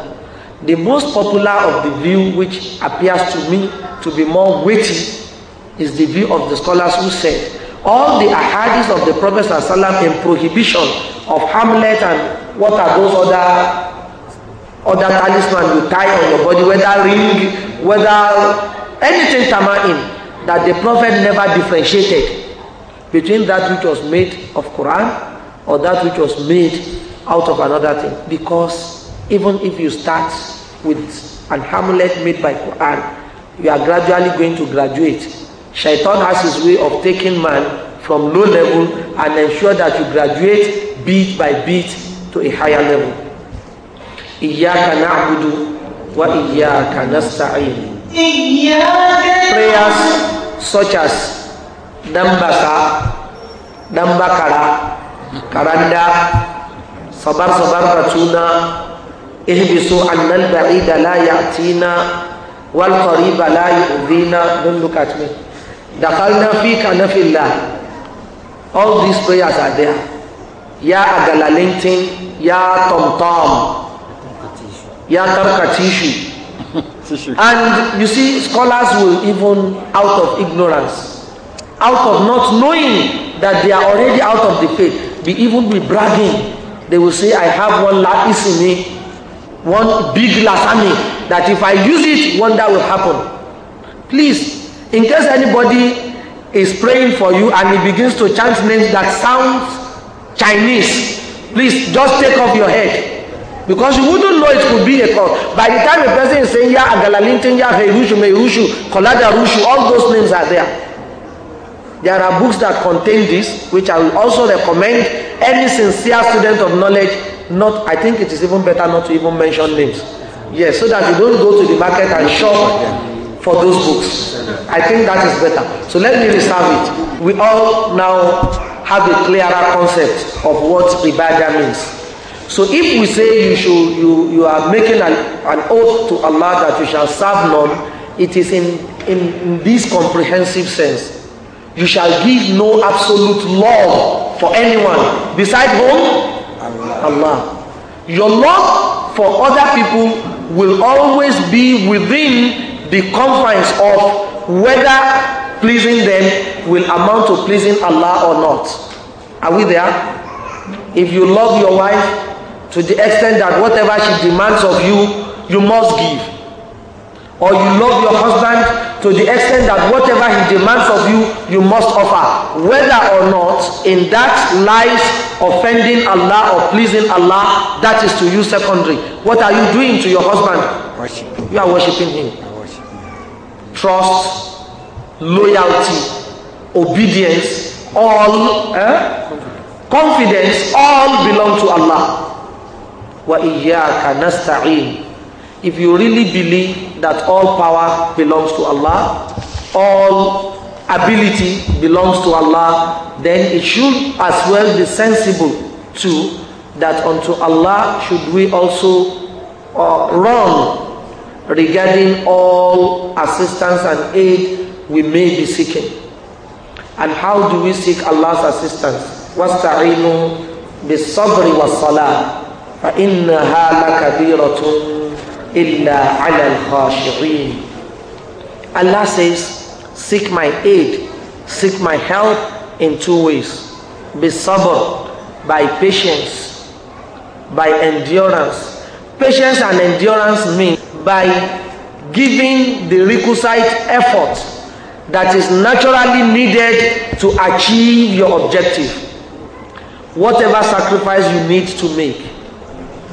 The most popular of the view which appears to me to be more weighty is the view of the scholars who said all the ahadith of the Prophet ﷺ in prohibition of hamlet and what are those other other talisman you tie on your body whether ring whether anything tamaim that the Prophet never differentiated between that which was made of Quran or that which was made out of another thing because Even if you start with an amulet made by Quran, you are gradually going to graduate. Shaitan has his way of taking man from low level and ensure that you graduate bit by bit to a higher level. Iyaka na'budu wa iyaka nasta'in. Prayers such as Dambaka, Dambakara, Karanda, Sabar Sabar Katuna, ihbisu annal ba'ida la ya'tina wal qariba la yu'dhina don't look at me dakhalna fi kanafillah all these prayers are there ya agalalintin ya tomtom ya tarkatishu and you see scholars will even out of ignorance out of not knowing that they are already out of the faith be even be bragging they will say i have one in me one big lasagne. that if I use it, wonder will happen. Please, in case anybody is praying for you and he begins to chant names that sound Chinese, please just take off your head. Because you wouldn't know it could be a call. By the time a person is saying Ya Agalalintin, Ya Heirushu, Meirushu, Kolada all those names are there. There are books that contain this, which I will also recommend any sincere student of knowledge Not, I think it is even better not to even mention names. Yes, so that you don't go to the market and shop for those books. I think that is better. So let me reserve it. We all now have a clearer concept of what ibadah means. So if we say you should you, you are making an, an oath to Allah that you shall serve none, it is in, in, in this comprehensive sense. You shall give no absolute love for anyone beside whom Allah. Your love for other people will always be within the confines of whether pleasing them will amount to pleasing Allah or not. Are we there? If you love your wife to the extent that whatever she demands of you, you must give or you love your husband to the extent that whatever he demands of you, you must offer. Whether or not in that lies offending Allah or pleasing Allah, that is to you secondary. What are you doing to your husband? Worship. You are worshiping him. Worship. Trust, loyalty, obedience, all eh? confidence. all belong to Allah. وَإِيَّاكَ نَسْتَعِينَ if you really believe that all power belongs to Allah, all ability belongs to Allah, then it should as well be sensible to that unto Allah should we also uh, run regarding all assistance and aid we may be seeking. And how do we seek Allah's assistance? وَاسْتَعِينُوا بِالصَّبْرِ وَالصَّلَاةِ فَإِنَّهَا لَكَبِيرَةٌ Allah says, seek my aid, seek my help in two ways. Be sober by patience, by endurance. Patience and endurance mean by giving the requisite effort that is naturally needed to achieve your objective. Whatever sacrifice you need to make.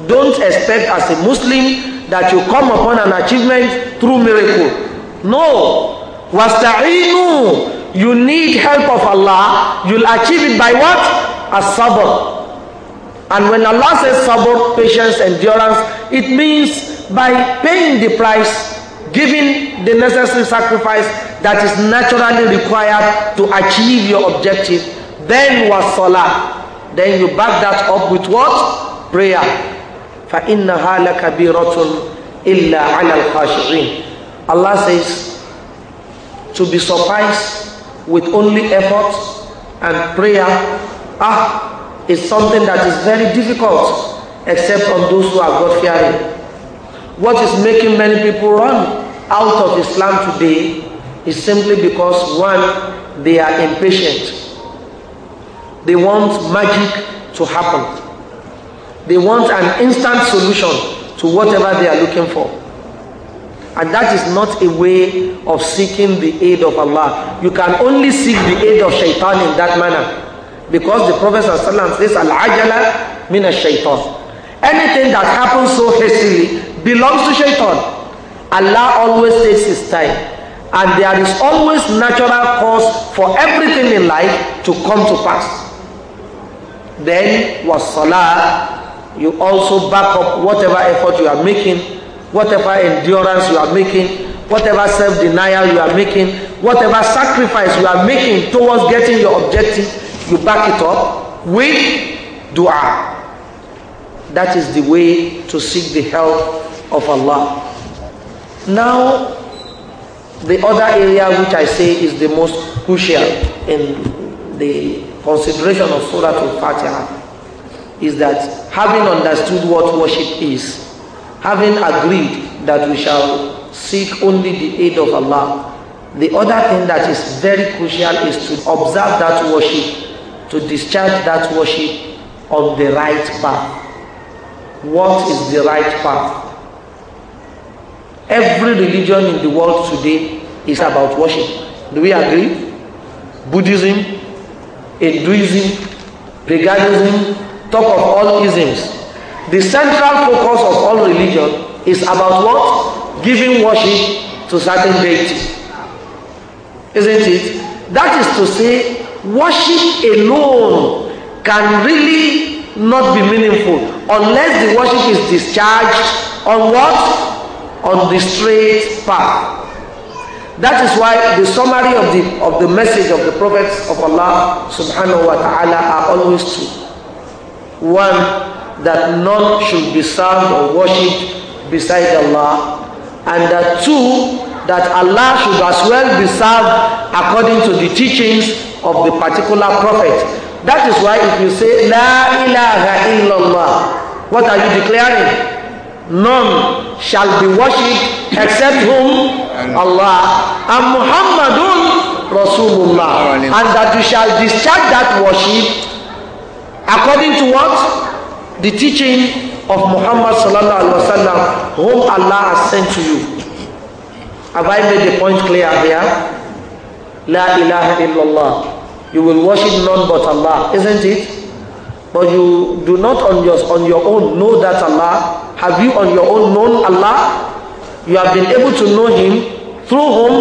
Don't expect as a Muslim that you come upon an achievement through miracle. No. Wasta'inu. You need help of Allah. You'll achieve it by what? As-sabr. And when Allah says sabr, patience, endurance, it means by paying the price, giving the necessary sacrifice that is naturally required to achieve your objective. Then was salah. Then you back that up with what? Prayer. فَإِنَّهَا لَكَبِيرَةٌ lakabiratun عَلَى ala al Allah says, to be suffice with only effort and prayer ah, is something that is very difficult except on those who are God-fearing. What is making many people run out of Islam today is simply because one, they are impatient. They want magic to happen. They want an instant solution to whatever they are looking for. And that is not a way of seeking the aid of Allah. You can only seek the aid of shaitan in that manner. Because the Prophet says, Al-ajala min shaitan. Anything that happens so hastily belongs to shaitan. Allah always takes his time. And there is always natural cause for everything in life to come to pass. Then was salah you also back up whatever effort you are making, whatever endurance you are making, whatever self denial you are making, whatever sacrifice you are making towards getting your objective, you back it up with dua. That is the way to seek the help of Allah. Now, the other area which I say is the most crucial in the consideration of Surah Al-Fatiha is that having understood what worship is, having agreed that we shall seek only the aid of Allah, the other thing that is very crucial is to observe that worship, to discharge that worship on the right path. What is the right path? Every religion in the world today is about worship. Do we agree? Buddhism, Hinduism, paganism, top of all isms. The central focus of all religion is about what? Giving worship to certain deity. Isn't it? That is to say, worship alone can really not be meaningful unless the worship is discharged on what? On the straight path. That is why the summary of the, of the message of the prophets of Allah subhanahu wa ta'ala are always true one, that none should be served or worshipped beside Allah, and that two, that Allah should as well be served according to the teachings of the particular prophet. That is why if you say, La ilaha illallah, what are you declaring? none shall be worshipped except whom? Allah. And Muhammadun Rasulullah. And that you shall discharge that worship according to what? The teaching of Muhammad sallallahu alaihi wasallam, whom Allah has sent to you. Have I made the point clear here? La ilaha illallah. You will worship none but Allah, isn't it? But you do not on your, on your own know that Allah. Have you on your own known Allah? You have been able to know Him through whom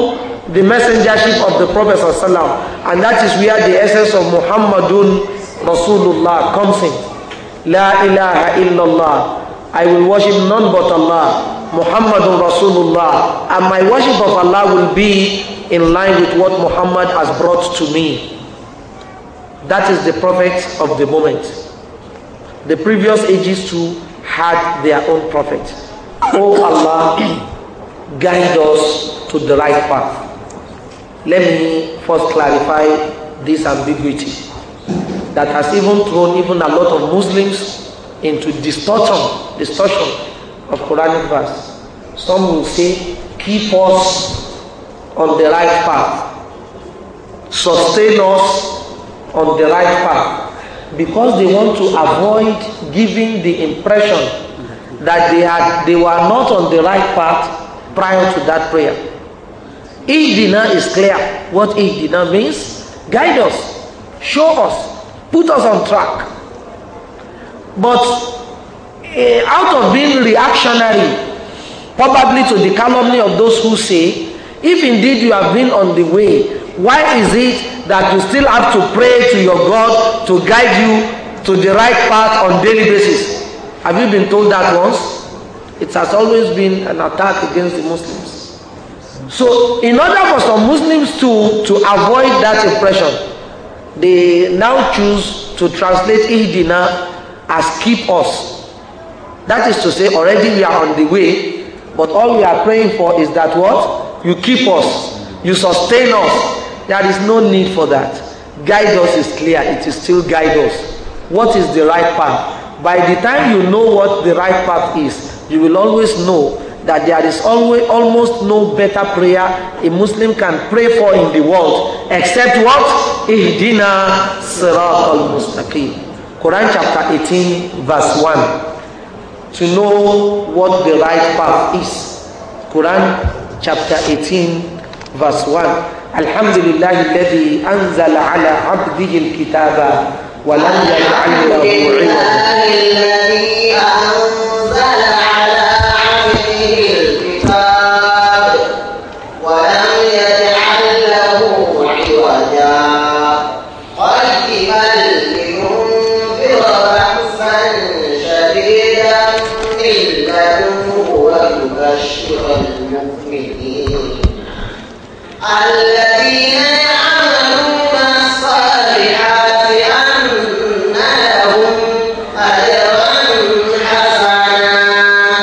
the messengership of the Prophet ﷺ. And that is where the essence of Muhammadun Rasulullah comes in. La ilaha illallah. I will worship none but Allah. Muhammadun Rasulullah. And my worship of Allah will be in line with what Muhammad has brought to me. That is the prophet of the moment. The previous ages too had their own prophet. Oh Allah, guide us to the right path. Let me first clarify this ambiguity. that has even thrown even a lot of Muslims into distortion, distortion of Quranic verse. Some will say, keep us on the right path, sustain us on the right path, because they want to avoid giving the impression that they had they were not on the right path prior to that prayer. Ihdina is clear. What Ihdina means? Guide us. Show us. Put us on track. But uh, out of being reactionary, probably to the calumny of those who say, if indeed you have been on the way, why is it that you still have to pray to your God to guide you to the right path on daily basis? Have you been told that once? It has always been an attack against the Muslims. So, in order for some Muslims to, to avoid that impression, they now choose to translate Ihdina as keep us. That is to say, already we are on the way, but all we are praying for is that what? You keep us, you sustain us. There is no need for that. Guide us is clear, it is still guide us. What is the right path? By the time you know what the right path is, you will always know that there is always, almost no better prayer a Muslim can pray for in the world except what? Ihdina Sirat al-Mustaqim. Quran chapter 18 verse 1. To know what the right path is. Quran chapter 18 verse 1. Alhamdulillah الذي ala abdihi alkitaba الكتاب ولم يجعل له عوضا.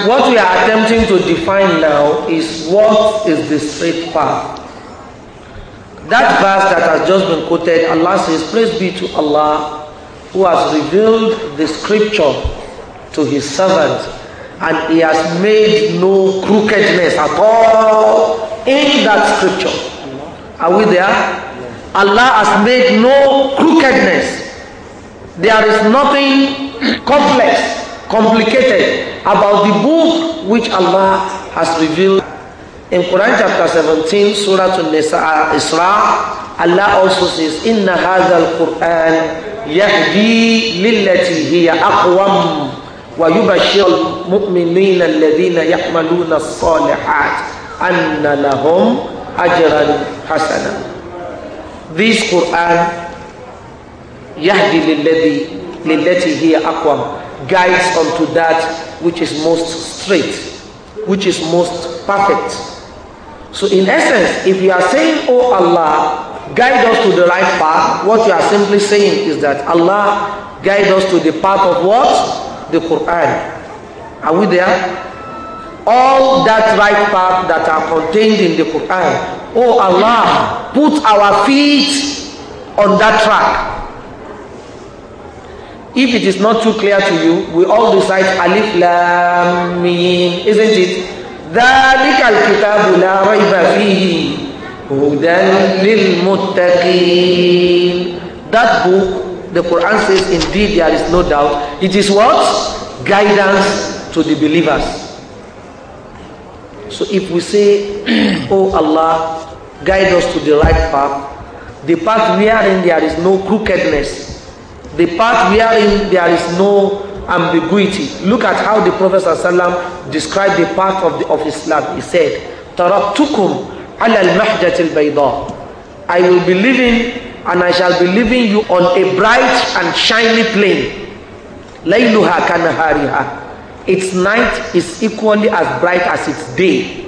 What we are attempting to define now is what is the straight path. That verse that has just been quoted, Allah says, Praise be to Allah who has revealed the scripture to his servant and he has made no crookedness at all in that scripture. Are we there? Allah has made no crookedness. There is nothing complex, complicated about the book which Allah has revealed. In Quran chapter 17, Surah to isra Allah also says, Inna hadha al-Quran yahdi lillati hiya aqwam wa yubashir al-mu'minina alladhina yahmaluna salihat anna lahum ajran hasana. This Quran yahdi lilladhi lillati hiya aqwam guides unto that which is most straight, which is most perfect. So in essence, if you are saying, Oh Allah, guide us to the right path, what you are simply saying is that Allah guide us to the path of what? The Quran. Are we there? all that right path that are contained in the Quran. Oh Allah, put our feet on that track. If it is not too clear to you, we all recite Alif Lam Mim, isn't it? ذلك الكتاب لا ريب فيه هدى للمتقين That book, the Quran says, indeed there is no doubt. It is what? Guidance to the believers. So if we say, Oh Allah, guide us to the right path, the path wherein there is no crookedness, the path wherein there is no ambiguity. Look at how the Prophet ﷺ described the path of, the, of Islam. He said, تَرَبْتُكُمْ عَلَى الْمَحْجَةِ الْبَيْضَاءِ I will be living and I shall be leaving you on a bright and shiny plain. لَيْلُهَا كَنَهَارِهَا its night is equally as bright as its day.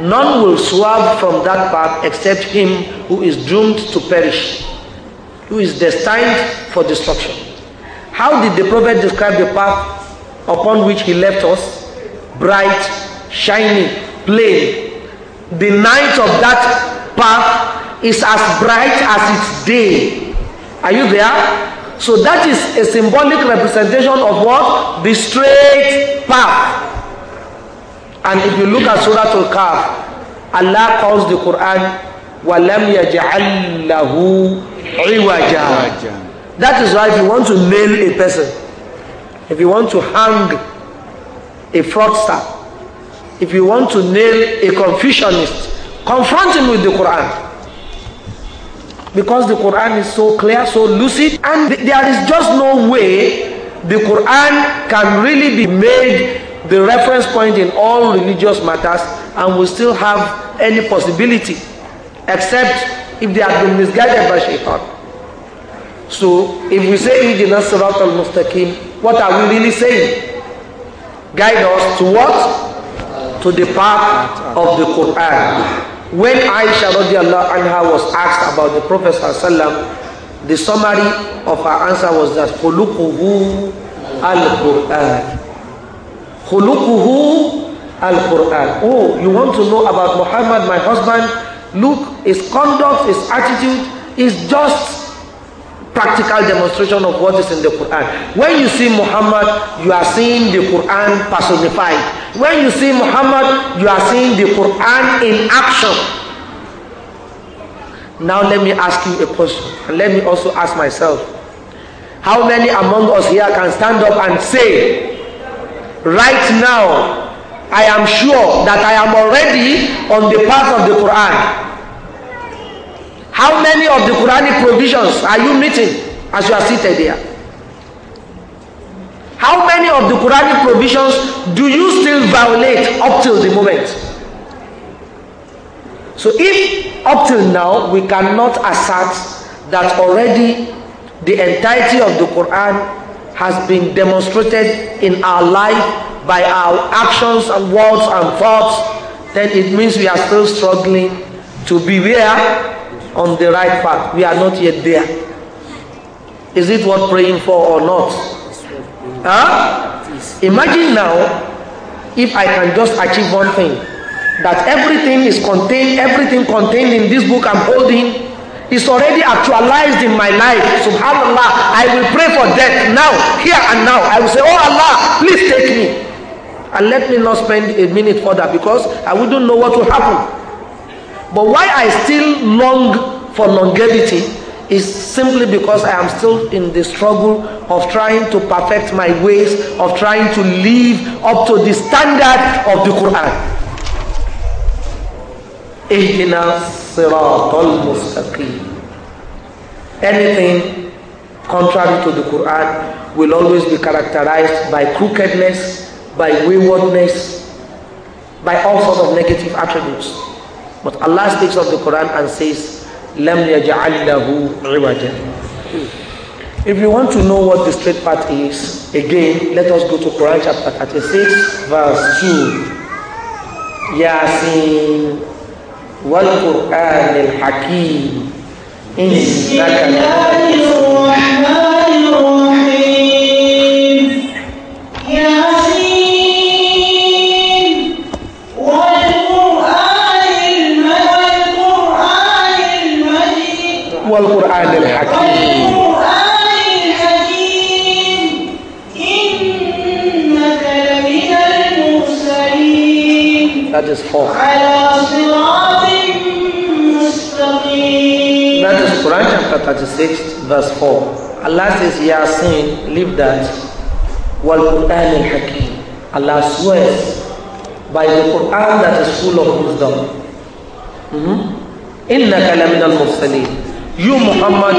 None will swerve from that path except him who is doomed to perish, who is destined for destruction. How did the Prophet describe the path upon which he left us? Bright, shiny, plain. The night of that path is as bright as its day. Are you there? So that is a symbolic representation of what? The straight path. And if you look at Surah Al-Kahf, Allah calls the Quran, وَلَمْ يَجْعَلْ لَهُ عِوَجًا That is why if you want to nail a person, if you want to hang a fraudster, if you want to nail a confucianist, confront him with the Quran. because the Quran is so clear, so lucid, and there is just no way the Quran can really be made the reference point in all religious matters and will still have any possibility except if they have been misguided by shaitan. So if we say Ihdina Sirat al-Mustaqim, what are we really saying? Guide us to what? To the path of the Quran. When Aisha radiallahu anha was asked about the Prophet sallam, the summary of her answer was that khuluquhu al-Qur'an. Khuluquhu al-Qur'an. Oh, you want to know about Muhammad, my husband? Look, his conduct, his attitude is just practical demonstration of what is in the Quran. When you see Muhammad, you are seeing the Quran personified. When you see Muhammad, you are seeing the Quran in action. Now let me ask you a question, and let me also ask myself. How many among us here can stand up and say, right now, I am sure that I am already on the path of the Quran. How many of the Quranic provisions are you meeting as you are seated there? How many of the Quranic provisions do you still violate up till the moment? So if up till now we cannot assert that already the entirety of the Quran has been demonstrated in our life by our actions and words and thoughts, then it means we are still struggling to be where on the right path. We are not yet there. Is it worth praying for or not? Huh? Imagine now if I can just achieve one thing that everything is contained, everything contained in this book I'm holding is already actualized in my life. Subhanallah, I will pray for death now, here and now. I will say, Oh Allah, please take me. And let me not spend a minute further because I wouldn't know what will happen. But why I still long for longevity is simply because I am still in the struggle of trying to perfect my ways, of trying to live up to the standard of the Quran. Anything contrary to the Quran will always be characterized by crookedness, by waywardness, by all sorts of negative attributes. But Allah speaks of the Quran and says, لَمْ If you want to know what the straight path is, again, let us go to Quran chapter 36, verse 2. يَاسِينَ وَالْقُرْآنِ الْحَكِيمِ إِنَّكَ لَمِنَ الْمُحْمَنِ الرَّحِيمِ That is four. That is Quran chapter 36, verse 4. Allah says, Yasin, leave that. Wal Quran al Hakim. Allah swears by the Quran that is full of wisdom. Inna إنك al المرسلين You Muhammad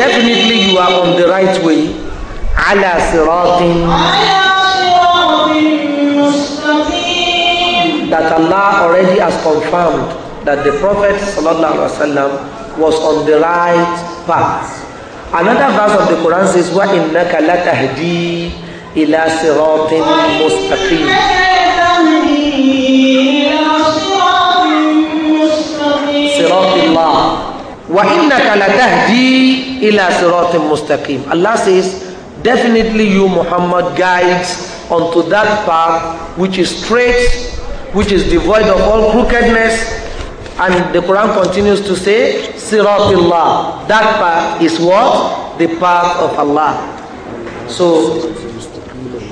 Definitely you are on the right way على siratin." that Allah already has confirmed that the Prophet وسلم, was on the right path. Another verse of the Quran says, وَإِنَّكَ لَتَهْدِي إِلَى صِرَاطٍ مُسْتَقِيمٍ صراط الله وَإِنَّكَ لَتَهْدِي إِلَى صِرَاطٍ مُسْتَقِيمٍ Allah says, definitely you Muhammad guides onto that path which is straight which is devoid of all crookedness. And the Quran continues to say, Siratillah. That path is what? The path of Allah. So,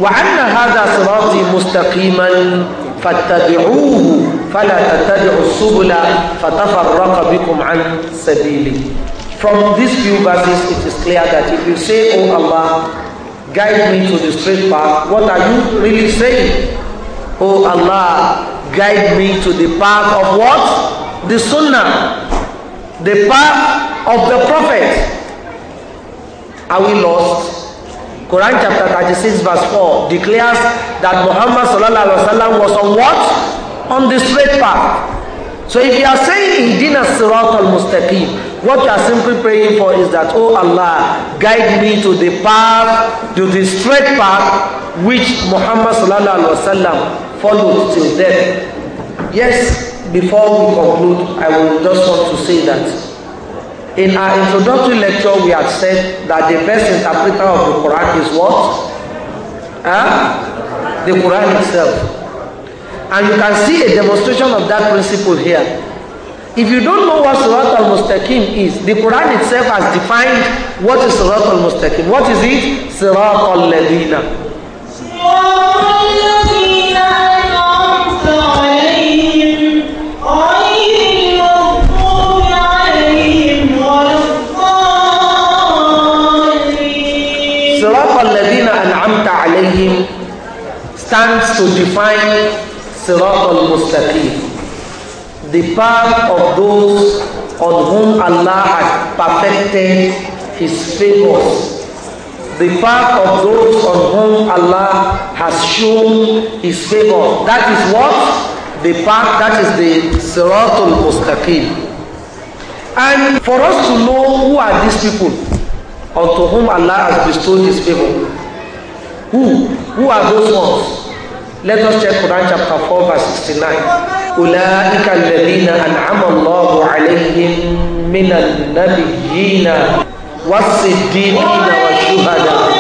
وَعَنَّ هَذَا صِرَاطِي مُسْتَقِيمًا فاتبعوه فلا تتبعوا السبل فتفرق بكم عن سبيله From these few verses, it is clear that if you say, Oh Allah, guide me to the straight path, what are you really saying? Oh Allah, guide me to the path of what? The Sunnah. The path of the Prophet. Are we lost? Quran chapter thirty-six, verse four declares that Muhammad sallallahu alaihi wasallam was on what? On the straight path. So if you are saying Ihdina Sirat al-Mustaqim, what you are simply praying for is that, Oh Allah, guide me to the path, to the straight path which Muhammad sallallahu alaihi wasallam followed till death. Yes, before we conclude, I will just want to say that in our introductory lecture, we had said that the best interpreter of the Quran is what? Huh? The Quran itself. And you can see a demonstration of that principle here. If you don't know what Surat al-Mustaqim is, the Quran itself has defined what is Surat al-Mustaqim. What is it? Surat al-Ladina. stands to define Sirat al-Mustaqim, the path of those on whom Allah has perfected His favors the path of those on whom Allah has shown His favor. That is what? The path, that is the Siratul Mustaqim. And for us to know who are these people unto whom Allah has bestowed His favor. Who? Who are those ones? Let us check Quran chapter 4 verse 69. أولئك الذين أنعم الله عليهم من النبيين wasiddiqina washuhada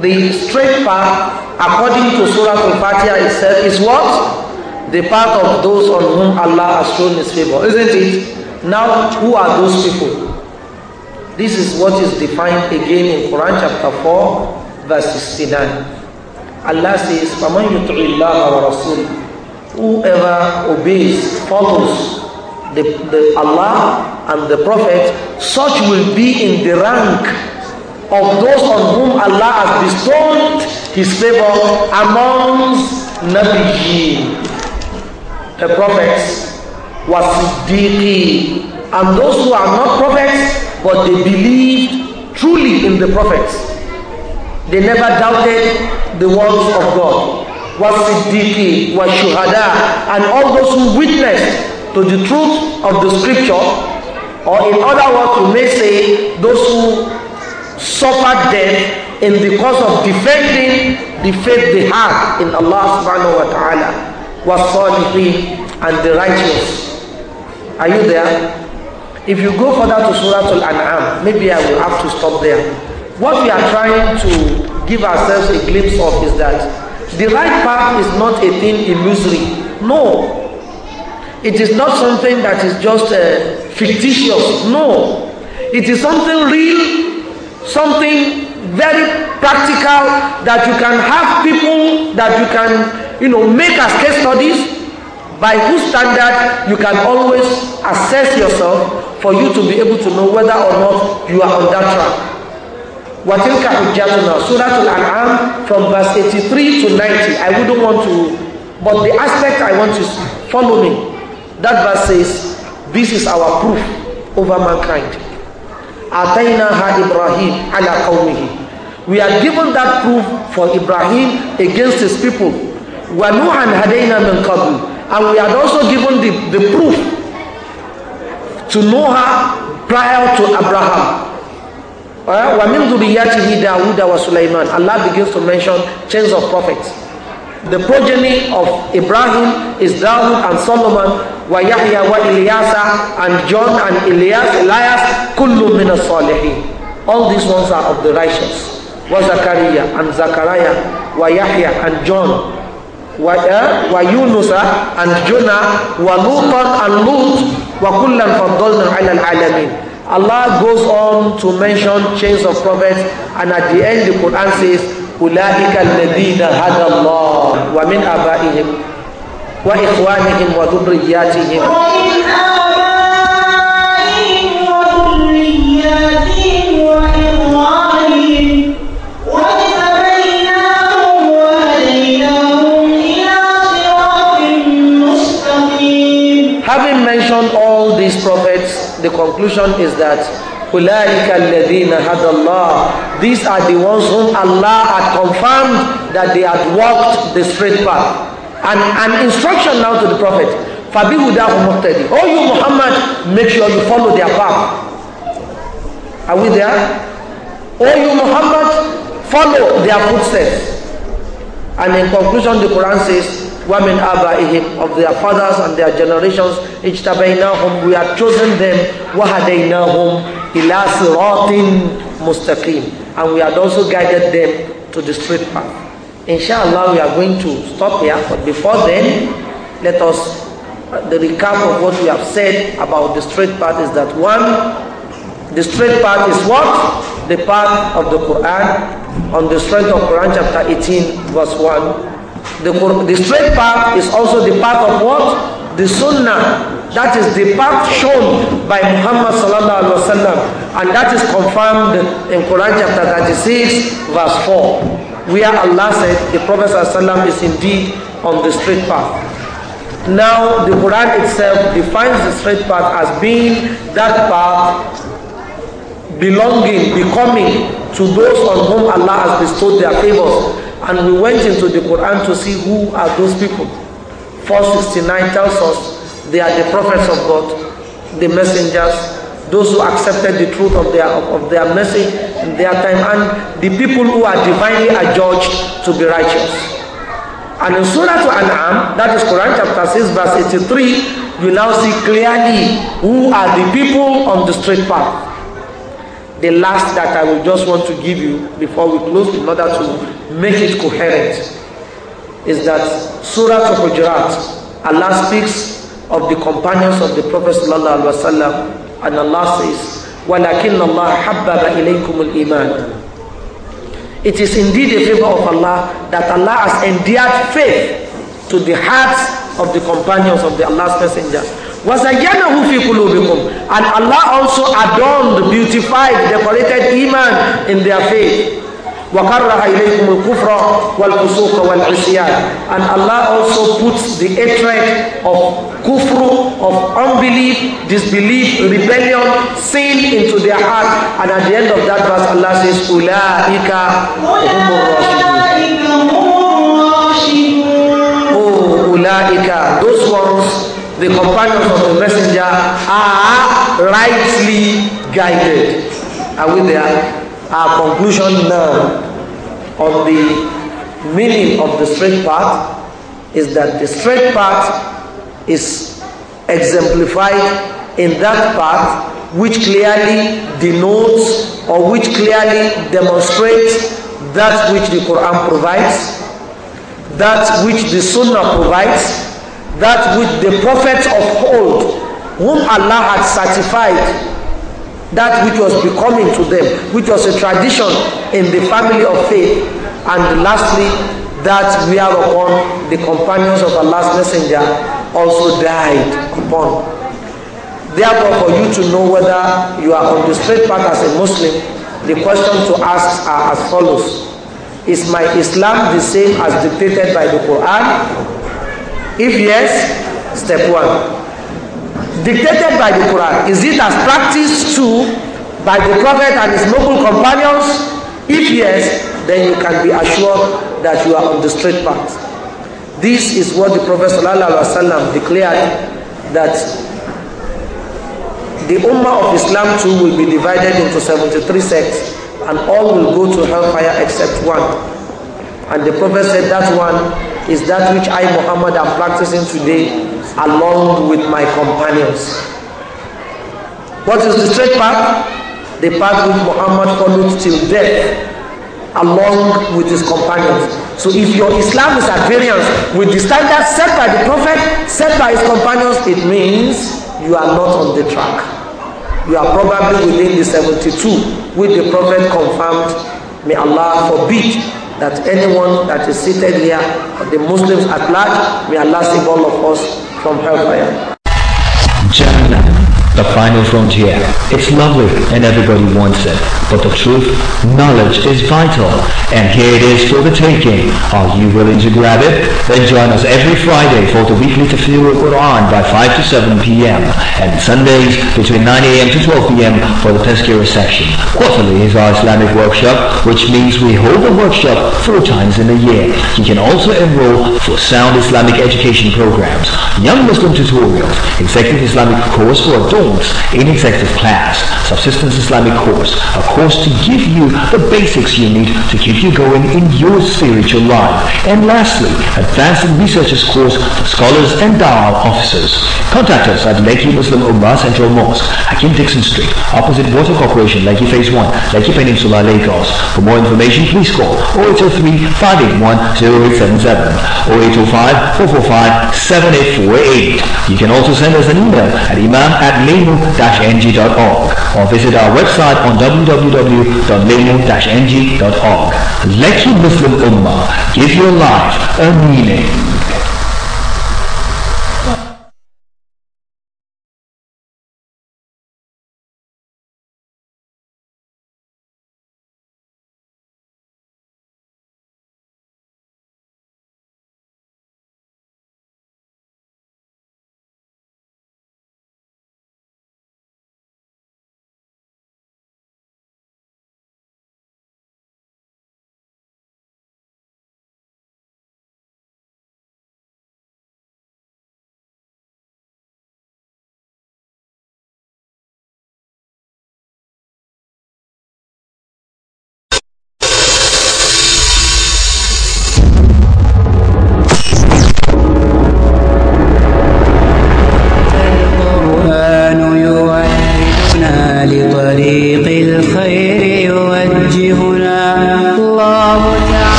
The straight path according to Surah Al-Fatiha itself is what? The path of those on whom Allah has shown His favor, isn't it? Now, who are those people? This is what is defined again in Quran chapter 4, verse 69. Allah says, فَمَنْ يُطْعِ اللَّهَ وَرَسُولِهِ whoever obeys, follows the, the Allah and the Prophet, such will be in the rank of those on whom Allah has bestowed His favor amongst Nabiyeen, the prophets, Wasiddiqi, and those who are not prophets but they believed truly in the prophets. They never doubted the words of God wasiddiqi wa shuhada and all those who witnessed to the truth of the scripture or in other words we may say those who suffered death in the cause of defending the faith they had in Allah subhanahu wa ta'ala was salihin and the righteous are you there if you go further to surah al-an'am maybe i will have to stop there what we are trying to give ourselves a glimpse of is that The right path is not a thing illusory. No. It is not something that is just uh, fictitious. No. It is something real, something very practical that you can have people that you can, you know, make as case studies by whose standard you can always assess yourself for you to be able to know whether or not you are on that track. وَتِلْكَ حُجَّتُنَا Surah Al-An'am from verse 83 to 90. I wouldn't want to, but the aspect I want to follow me. That verse says, this is our proof over mankind. أَتَيْنَاهَا إِبْرَاهِيمَ عَلَى قَوْمِهِ We are given that proof for Ibrahim against his people. وَنُوحًا هَدَيْنَا مِنْ قَبْلِ And we had also given the, the proof to Noah prior to Abraham. وَمِنْ ذُرِيَّتِهِ دَاوُدَ وَسُلَيْمَانَ Allah begins to mention chains of prophets. The progeny of Ibrahim is Dawood and Solomon, wa Yahya wa Eliasa and John and Elias, Elias, kullu min salihin All these ones are of the righteous. Wa Zakaria and Zachariah, wa Yahya and John, wa, uh, wa Yunusa and Jonah, wa Lutan and Lut, wa kullan faddalna ala al-alamin. Allah goes on to mention chains of prophets, and at the end, the Quran says, أولئك الذين هدى الله ومن آبائهم وإخوانهم the conclusion is that Allah. these are the ones whom Allah had confirmed that they had walked the straight path. And an instruction now to the Prophet, Oh you Muhammad, make sure you follow their path. Are we there? Oh you Muhammad, follow their footsteps. And in conclusion, the Quran says, وَمِنْ أَبَائِهِمْ Of their fathers and their generations اجتبيناهم We have chosen them وَهَدَيْنَاهُمْ إِلَى صِرَاطٍ مُسْتَقِيمٍ And we had also guided them to the straight path. Inshallah, we are going to stop here. But before then, let us, uh, the recap of what we have said about the straight path is that one, the straight path is what? The path of the Quran on the strength of Quran chapter 18 verse 1 The, the straight path is also the path of what? The Sunnah. That is the path shown by Muhammad sallallahu alaihi wasallam, and that is confirmed in Quran chapter 36, verse 4, where Allah said the Prophet sallallahu is indeed on the straight path. Now, the Quran itself defines the straight path as being that path belonging, becoming to those on whom Allah has bestowed their favors And we went into the Quran to see who are those people. 469 tells us they are the prophets of God, the messengers, those who accepted the truth of their, of their message in their time, and the people who are divinely adjudged to be righteous. And in Surah to An'am, that is Quran chapter 6, verse 83, you now see clearly who are the people on the straight path. the last that I will just want to give you before we close in order to make it coherent is that Surah Al-Hujurat, Allah speaks of the companions of the Prophet sallallahu alaihi wasallam, and Allah says, وَلَكِنَّ اللَّهَ حَبَّبَ إِلَيْكُمُ الْإِيمَانِ It is indeed a favor of Allah that Allah has endeared faith to the hearts of the companions of the Allah's Messenger. وَزَيَّنَهُ فِي قُلُوبِكُمْ And Allah also adorned, beautified, decorated Iman in their faith. وَكَرَّهَ إِلَيْكُمُ الْكُفْرَ وَالْفُسُوقَ وَالْعِصْيَانَ And Allah also puts the hatred of kufru, of unbelief, disbelief, rebellion, sin into their heart. And at the end of that verse, Allah says, أُولَٰئِكَ هُمُ الرَّاشِدُونَ Oh, أُولَٰئِكَ Those ones the companions of the messenger are rightly guided. Are we there? Our conclusion now on the meaning of the straight path is that the straight path is exemplified in that path which clearly denotes or which clearly demonstrates that which the Quran provides, that which the Sunnah provides, that with the prophets of old, whom Allah had certified, that which was becoming to them, which was a tradition in the family of faith, and lastly, that we are upon the companions of Allah's messenger also died upon. Therefore, for you to know whether you are on the straight path as a Muslim, the question to ask are as follows. Is my Islam the same as dictated by the Quran? If yes, step one. Dictated by the Quran, is it as practiced too by the Prophet and his noble companions? If yes, then you can be assured that you are on the straight path. This is what the Prophet ﷺ declared that the Ummah of Islam too will be divided into 73 sects and all will go to hellfire except one. And the Prophet said that one is that which I, Muhammad, am practicing today along with my companions. What is the straight path? The path which Muhammad followed till death along with his companions. So if your Islam is at variance with the standards set by the Prophet, set by his companions, it means you are not on the track. You are probably within the 72 which the Prophet confirmed. May Allah forbid that anyone that is seated here, the Muslims at large, we are save all of us from hellfire the final frontier. It's lovely and everybody wants it, but the truth, knowledge is vital, and here it is for the taking. Are you willing to grab it? Then join us every Friday for the weekly Tafsir quran by 5 to 7 p.m. and Sundays between 9 a.m. to 12 p.m. for the Tazkirah section. Quarterly is our Islamic workshop, which means we hold a workshop four times in a year. You can also enroll for sound Islamic education programs, young Muslim tutorials, executive Islamic course for adults, in executive class subsistence Islamic course, a course to give you the basics you need to keep you going in your spiritual life. And lastly, Advanced Researchers course for scholars and dawah officers. Contact us at Lakey Muslim Ummah Central Mosque, Hakim Dixon Street, opposite Water Corporation, Lakey Phase 1, Lakey Peninsula, Lagos. For more information, please call 0803-581-0877 or 805-445-7848. You can also send us an email at imam at lemu-ng.org or visit our website on www.lemu-ng.org. Let your Muslim Ummah give your life a meaning.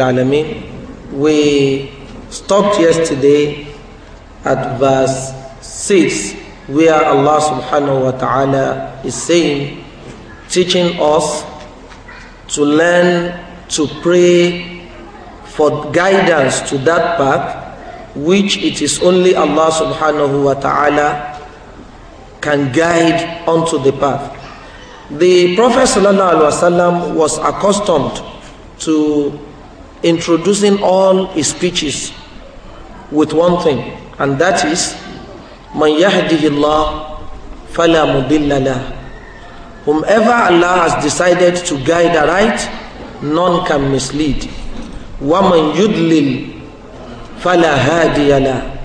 Rabbil We stopped yesterday at verse 6 where Allah subhanahu wa ta'ala is saying, teaching us to learn to pray for guidance to that path which it is only Allah subhanahu wa ta'ala can guide onto the path. The Prophet Wasallam was accustomed to introducing all his speeches with one thing, and that is, Man yahdihillah fala mudillala. Whomever Allah has decided to guide aright, none can mislead. Waman yudlil fala hadiyala.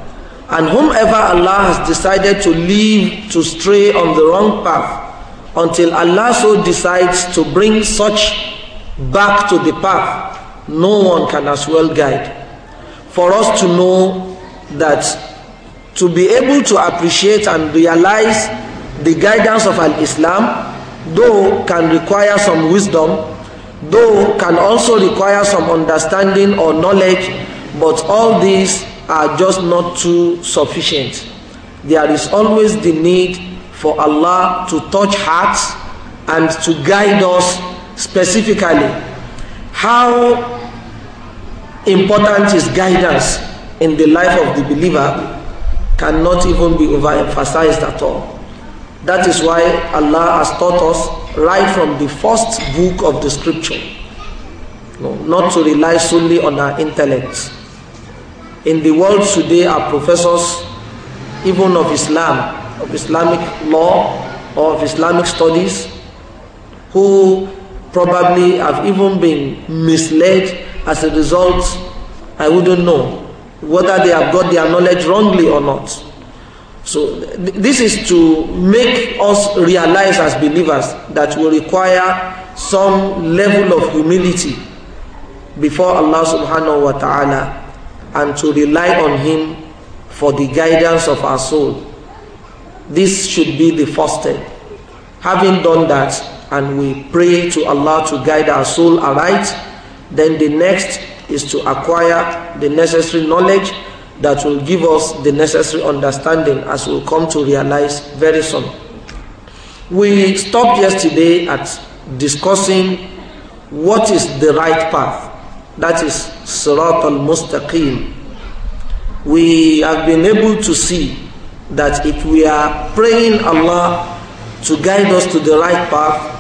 And whomever Allah has decided to leave to stray on the wrong path, until Allah so decides to bring such back to the path, no one can as well guide. For us to know that to be able to appreciate and realize the guidance of Al Islam, though can require some wisdom, though can also require some understanding or knowledge, but all these are just not too sufficient. There is always the need for Allah to touch hearts and to guide us specifically how important is guidance in the life of the believer cannot even be overemphasized at all. That is why Allah has taught us right from the first book of the scripture no, not to rely solely on our intellect. In the world today our professors even of Islam, of Islamic law or of Islamic studies who Probably I've even been misled as a result. I wouldn't know whether they have got their knowledge wrongly or not. So this is to make us realize as believers that we require some level of humility before Allah subhanahu wa ta'ala and to rely on Him for the guidance of our soul. This should be the first step. Having done that, and we pray to Allah to guide our soul aright, then the next is to acquire the necessary knowledge that will give us the necessary understanding as we'll come to realize very soon. We stopped yesterday at discussing what is the right path, that is Surat al Mustaqim. We have been able to see that if we are praying Allah to guide us to the right path,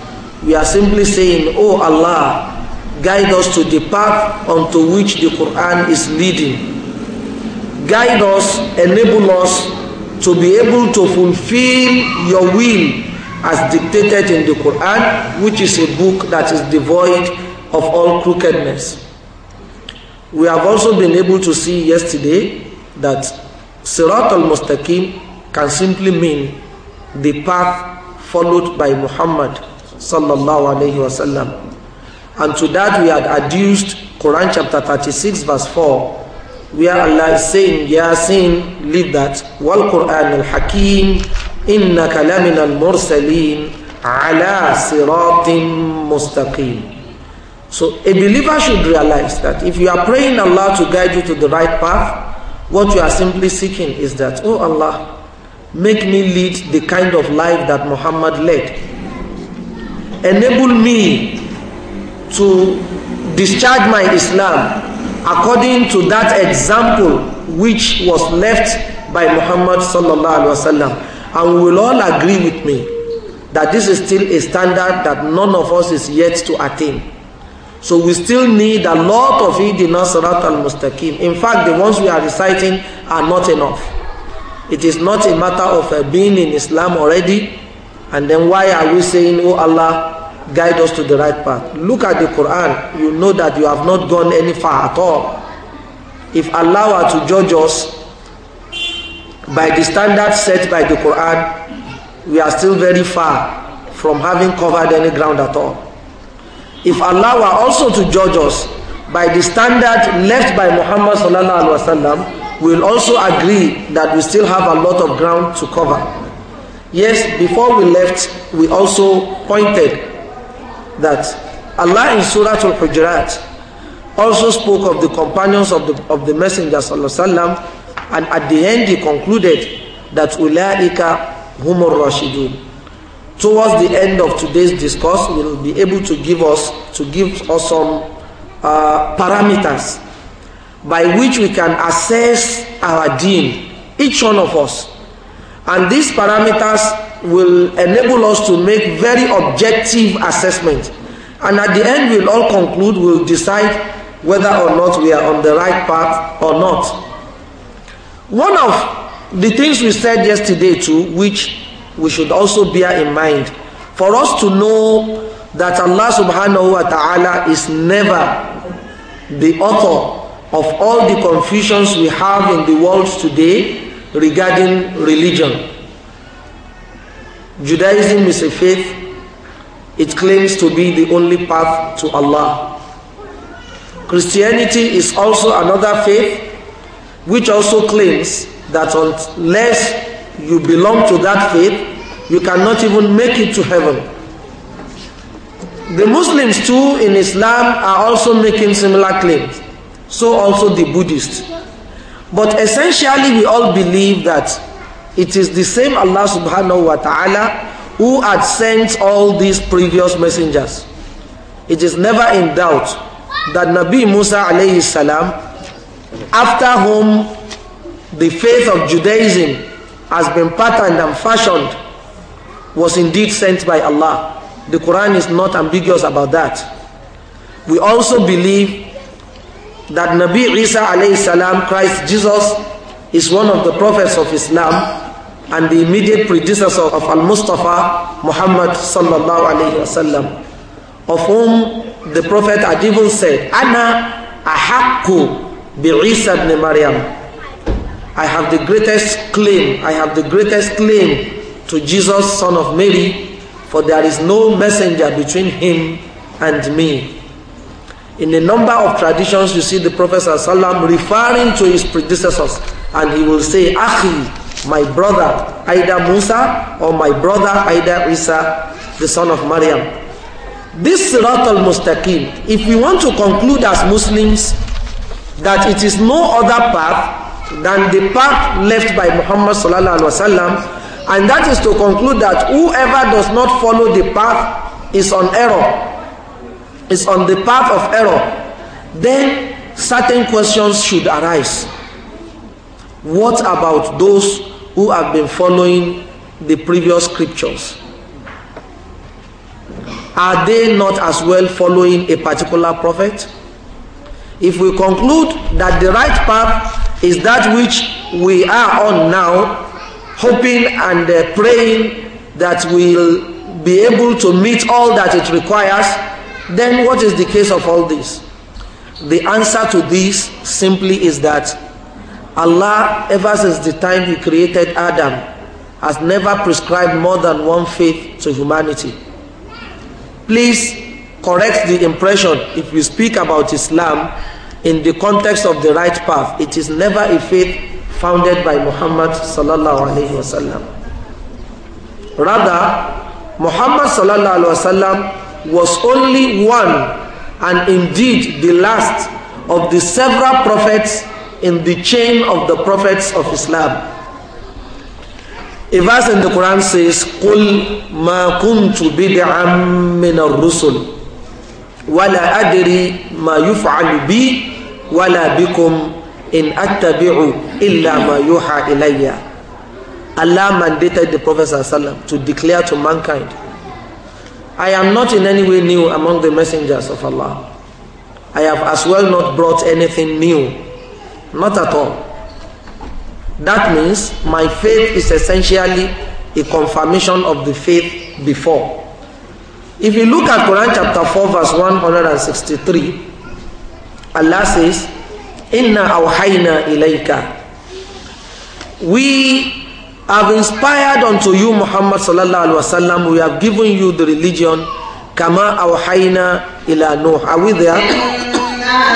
we are simply saying, Oh Allah, guide us to the path onto which the Quran is leading. Guide us, enable us to be able to fulfill your will as dictated in the Quran, which is a book that is devoid of all crookedness. We have also been able to see yesterday that Sirat al-Mustaqim can simply mean the path followed by Muhammad sallallahu alayhi wasallam. And to that we had adduced Quran chapter 36 verse 4 where Allah is saying, Yasin, leave that. Wal Quran al Hakim, inna kalamin al mursaleen, ala siratim mustaqim. So a believer should realize that if you are praying Allah to guide you to the right path, what you are simply seeking is that, oh Allah, make me lead the kind of life that Muhammad led. enable me to discharge my Islam according to that example which was left by Muhammad sallallahu alaihi wasallam and we will all agree with me that this is still a standard that none of us is yet to attain. So we still need a lot of Idina Sarat al-Mustaqim. In fact, the ones we are reciting are not enough. It is not a matter of uh, being in Islam already And then why are we saying, Oh Allah, guide us to the right path? Look at the Quran. You know that you have not gone any far at all. If Allah were to judge us by the standards set by the Quran, we are still very far from having covered any ground at all. If Allah were also to judge us by the standard left by Muhammad sallallahu alaihi wasallam, we will also agree that we still have a lot of ground to cover. Yes, before we left, we also pointed that Allah in Surah Al-Hujurat also spoke of the companions of the, of the Messenger وسلم, and at the end he concluded that ulaika humur rashidun. Towards the end of today's discourse, we will be able to give us to give us some uh, parameters by which we can assess our deen, each one of us and these parameters will enable us to make very objective assessment. And at the end, we'll all conclude, we'll decide whether or not we are on the right path or not. One of the things we said yesterday, too, which we should also bear in mind, for us to know that Allah subhanahu wa ta'ala is never the author of all the confusions we have in the world today regarding religion. Judaism is a faith. It claims to be the only path to Allah. Christianity is also another faith which also claims that unless you belong to that faith, you cannot even make it to heaven. The Muslims too in Islam are also making similar claims. So also the Buddhists. But essentially, we all believe that it is the same Allah subhanahu wa ta'ala who had sent all these previous messengers. It is never in doubt that Nabi Musa alayhi salam, after whom the faith of Judaism has been patterned and fashioned, was indeed sent by Allah. The Quran is not ambiguous about that. We also believe that Nabi Isa alayhi salam, Christ Jesus, is one of the prophets of Islam and the immediate predecessor of Al-Mustafa Muhammad sallallahu alayhi wasallam, of whom the Prophet had even said, Ana ahakku bi Isa ibn Maryam. I have the greatest claim, I have the greatest claim to Jesus son of Mary, for there is no messenger between him and me. In a number of traditions, you see the Prophet referring to his predecessors, and he will say, Akhi, my brother, either Musa, or my brother, either Isa, the son of Maryam. This Sirat al Mustaqim, if we want to conclude as Muslims that it is no other path than the path left by Muhammad sallallahu alaihi wasallam, and that is to conclude that whoever does not follow the path is on error is on the path of error, then certain questions should arise. What about those who have been following the previous scriptures? Are they not as well following a particular prophet? If we conclude that the right path is that which we are on now, hoping and uh, praying that we'll be able to meet all that it requires, then what is the case of all this? The answer to this simply is that Allah, ever since the time He created Adam, has never prescribed more than one faith to humanity. Please correct the impression if we speak about Islam in the context of the right path. It is never a faith founded by Muhammad sallallahu alaihi wasallam. Rather, Muhammad sallallahu alaihi wasallam was only one and indeed the last of the several prophets in the chain of the prophets of Islam. A verse in the Quran says, قُلْ مَا كُنْتُ بِدْعًا مِنَ الرُّسُلِ وَلَا أَدْرِي مَا يُفْعَلُ بِي وَلَا بِكُمْ إِنْ أَتَّبِعُ إِلَّا مَا يُوحَى إِلَيَّ Allah mandated the Prophet ﷺ to declare to mankind I am not in any way new among the messengers of Allah. I have as well not brought anything new. Not at all. That means my faith is essentially a confirmation of the faith before. If you look at Quran chapter 4 verse 163, Allah says, Inna awhayna ilayka. We have inspired unto you Muhammad sallallahu alaihi wasallam we have given you the religion kama awhayna ila nuh are we there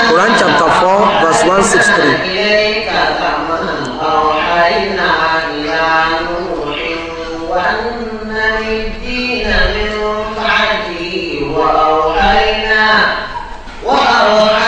Quran chapter four, verse 163 وأوحينا وأوحينا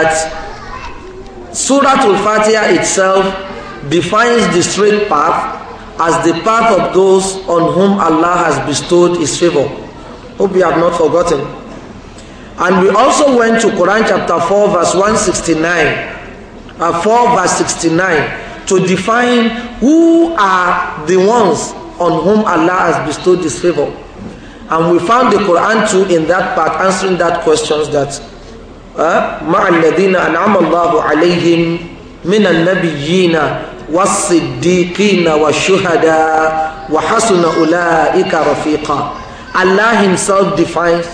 that Surah Al-Fatiha itself defines the straight path as the path of those on whom Allah has bestowed his favor. Hope you have not forgotten. And we also went to Quran chapter 4 verse 169, uh, 4 verse 69 to define who are the ones on whom Allah has bestowed his favor. And we found the Quran too in that part answering that questions that آه، مع الذين أنعم الله عليهم من النبيين والصديقين والشهداء وحسن أولئك رفيقا الله himself defines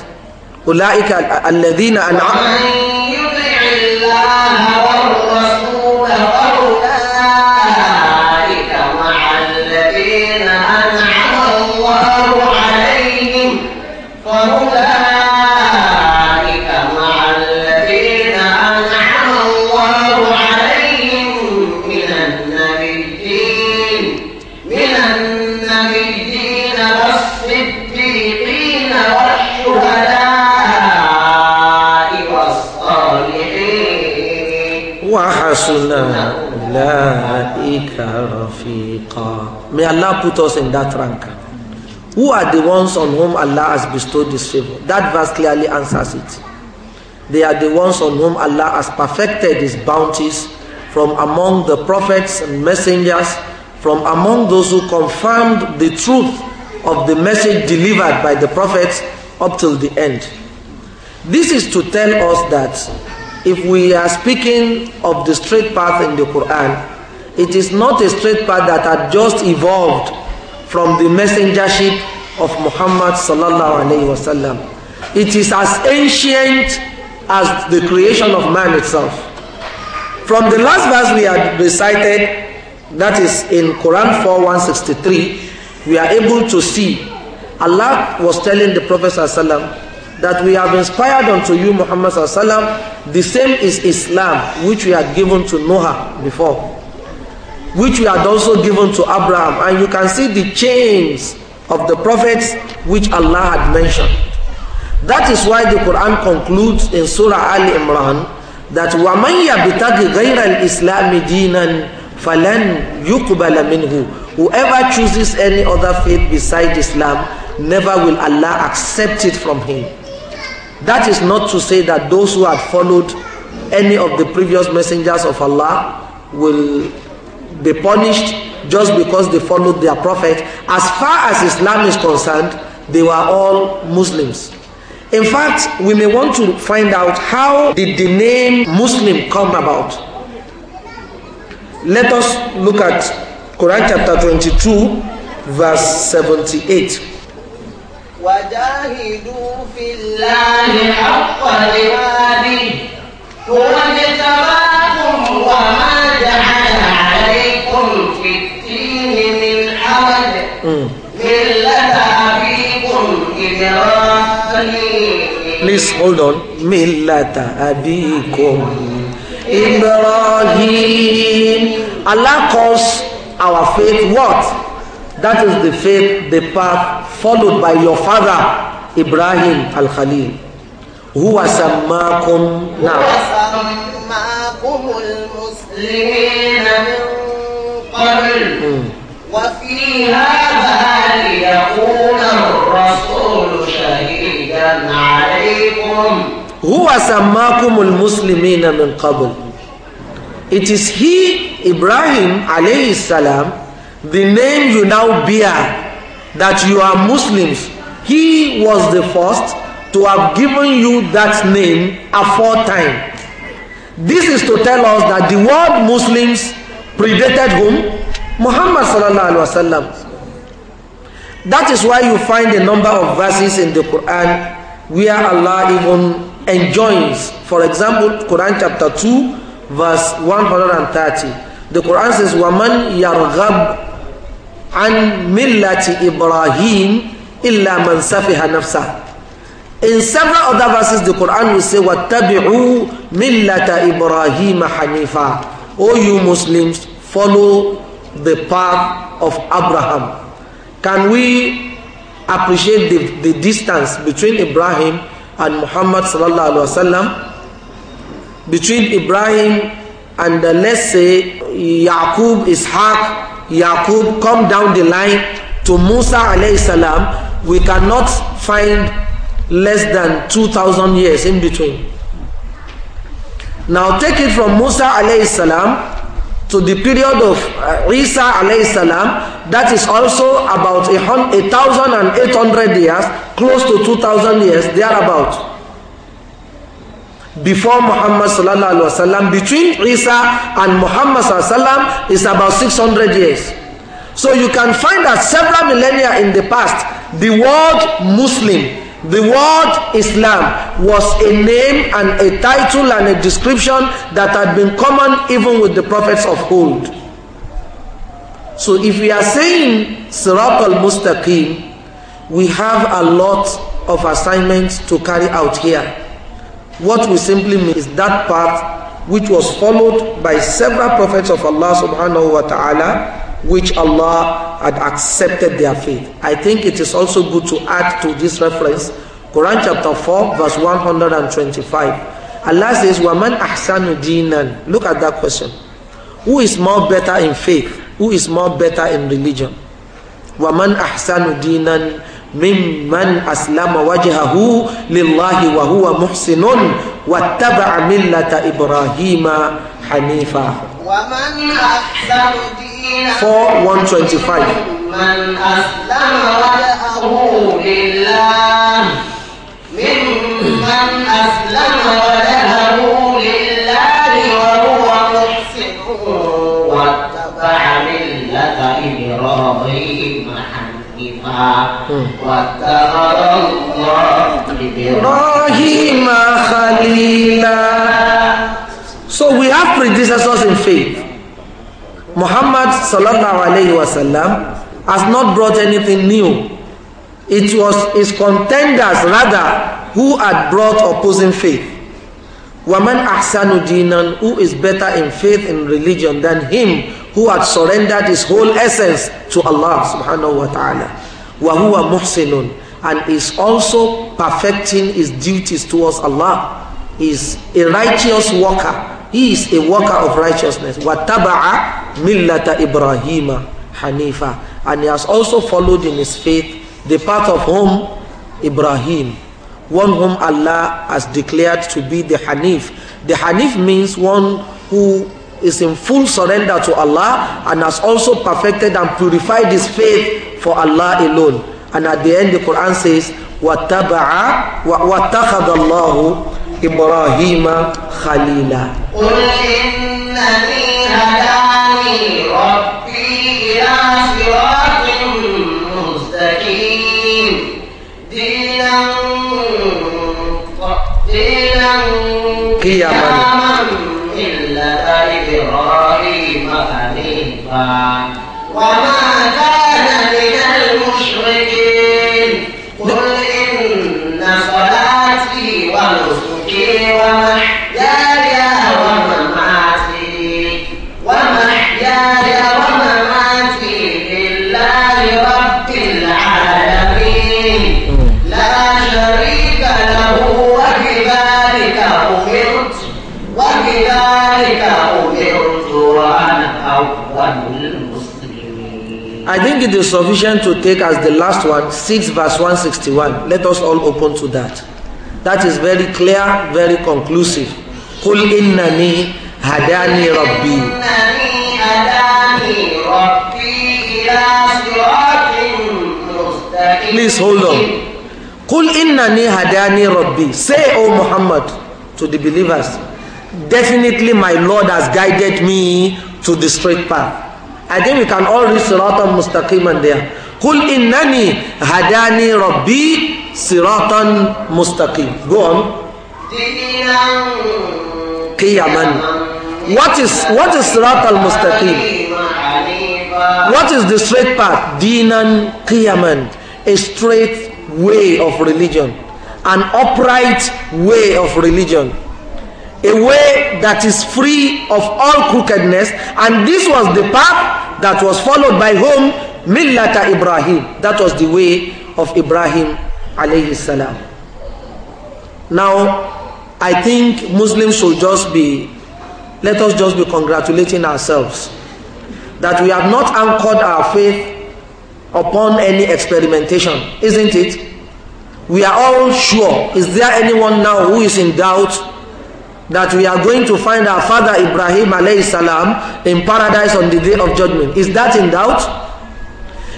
أولئك الذين أنعم الله May Allah put us in that rank. Who are the ones on whom Allah has bestowed this favor? That verse clearly answers it. They are the ones on whom Allah has perfected his bounties from among the prophets and messengers, from among those who confirmed the truth of the message delivered by the prophets up till the end. This is to tell us that if we are speaking of the straight path in the Quran, it is not a straight path that had just evolved from the messengership of Muhammad sallallahu alaihi wasallam. It is as ancient as the creation of man itself. From the last verse we had recited, that is in Quran 4 163, we are able to see Allah was telling the Prophet that we have inspired unto you Muhammad the same is Islam which we had given to Noah before which we had also given to Abraham. And you can see the chains of the prophets which Allah had mentioned. That is why the Quran concludes in Surah Al Imran that وَمَنْ يَبْتَغِ غَيْرَ الْإِسْلَامِ دِينًا فَلَنْ يُقْبَلَ مِنْهُ Whoever chooses any other faith besides Islam, never will Allah accept it from him. That is not to say that those who had followed any of the previous messengers of Allah will be punished just because they followed their prophet. As far as Islam is concerned, they were all Muslims. In fact, we may want to find out how did the name Muslim come about. Let us look at Quran chapter 22 verse 78. وجاهدوا في الله حق جهاده هو اجتباكم وما Please hold on. Millata abikum Ibrahim. Allah calls our faith what? That is the faith, the path followed by your father, Ibrahim al-Khalil. Who was sammakum now? وفي حريصا عليكم هو سماكم المسلمين من قبل It is he, Ibrahim alayhi salam, the name you now bear, that you are Muslims. He was the first to have given you that name aforetime. This is to tell us that the word Muslims predated whom? Muhammad sallallahu alaihi wasallam. That is why you find a number of verses in the Quran where Allah even enjoins. For example, Quran chapter 2, verse 130. The Quran says, وَمَنْ يَرْغَبْ عَنْ مِلَّةِ إِبْرَاهِيمِ إِلَّا مَنْ سَفِهَ نَفْسَهُ in several other verses, the Quran will say, وَاتَّبِعُوا مِلَّةَ إِبْرَاهِيمَ حَنِيفًا O you Muslims, follow the path of Abraham. Can we appreciate the, the distance between Ibrahim and Muhammad sallallahu alaihi wasallam? Between Ibrahim and uh, let's say Yaqub, Ishaq, Yaqub come down the line to Musa alayhi salam, we cannot find less than 2,000 years in between. Now take it from Musa alayhi salam to the period of uh, Isa alayhi that is also about a thousand and eight hundred years, close to two thousand years, thereabout. Before Muhammad sallallahu alaihi wasallam, between Isa and Muhammad sallallahu alaihi wasallam is about six hundred years. So you can find that several millennia in the past, the word Muslim The word Islam was a name and a title and a description that had been common even with the prophets of old. So if we are saying Sirat al-Mustaqim, we have a lot of assignments to carry out here. What we simply mean is that path which was followed by several prophets of Allah subhanahu wa ta'ala which Allah had accepted their faith. I think it is also good to add to this reference Quran chapter 4 verse 125. Allah says, Waman ahsanu dinan. Look at that question. Who is more better in faith? Who is more better in religion? Waman ahsanu dinan mimman aslama wajhahu lillahi wa huwa muhsinun wattaba'a millata Ibrahima hanifa. Waman ahsanu four one twenty five. Hmm. So we have predecessors in faith. Muhammad sallallahu alayhi wasallam has not brought anything new. It was his contenders rather who had brought opposing faith. Waman ahsanu dinan, who is better in faith and religion than him who had surrendered his whole essence to Allah subhanahu wa ta'ala. Wahuwa muhsinun, and is also perfecting his duties towards Allah. He Is a righteous worker he is a worker of righteousness. وَتَبَعَ millata Ibrahim Hanifa. And he has also followed in his faith the path of whom? Ibrahim. One whom Allah has declared to be the Hanif. The Hanif means one who is in full surrender to Allah and has also perfected and purified his faith for Allah alone. And at the end the Quran says, وَاتَّبَعَ وَاتَّخَذَ اللَّهُ إبراهيم خليلا قل إنني هداني ربي إلى صراط مستقيم دينا دينا قياما إلا إبراهيم حنيفا وما كان من المشركين قل إن صلاتي ونصلي شريكي ومحياي ومماتي ومحياي ومماتي لله رب العالمين لا شريك له وبذلك أمرت وبذلك أمرت وأنا أول المسلمين I think it is sufficient to take as the last one 6 verse 161 let us all open to that That is very clear, very conclusive. Qul innani hadani rabbi. Innani hadani rabbi ila siratin mustaqim. Please hold on. Qul innani hadani rabbi. Say, O Muhammad, to the believers, definitely my Lord has guided me to the straight path. I think we can all read Siratul Mustaqim there. Qul innani hadani rabbi siratan mustaqim. Go on. Qiyaman. What is what is sirat al mustaqim? What is the straight path? Dinan qiyaman, a straight way of religion, an upright way of religion, a way that is free of all crookedness. And this was the path that was followed by whom? Millata Ibrahim. That was the way of Ibrahim alayhi salam. Now, I think Muslims should just be, let us just be congratulating ourselves that we have not anchored our faith upon any experimentation, isn't it? We are all sure. Is there anyone now who is in doubt that we are going to find our father Ibrahim alayhi salam in paradise on the day of judgment? Is that in doubt?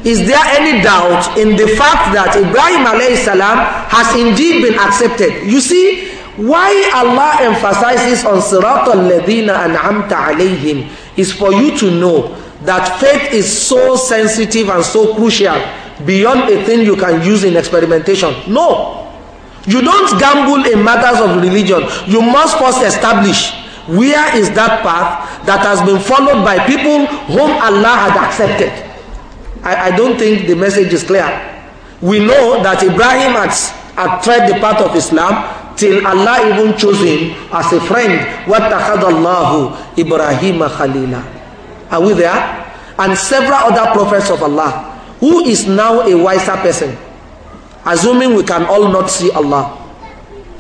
is there any doubt in the fact that Ibrahim alayhi salam has indeed been accepted? You see, why Allah emphasizes on Sirat al-Ladina Amta alayhim is for you to know that faith is so sensitive and so crucial beyond a thing you can use in experimentation. No. You don't gamble in matters of religion. You must first establish where is that path that has been followed by people whom Allah had accepted. I, I don't think the message is clear. We know that Ibrahim had, had tread the path of Islam till Allah even chose him as a friend. وَاتَّخَذَ Ibrahim al خَلِيلًا Are we there? And several other prophets of Allah. Who is now a wiser person? Assuming we can all not see Allah.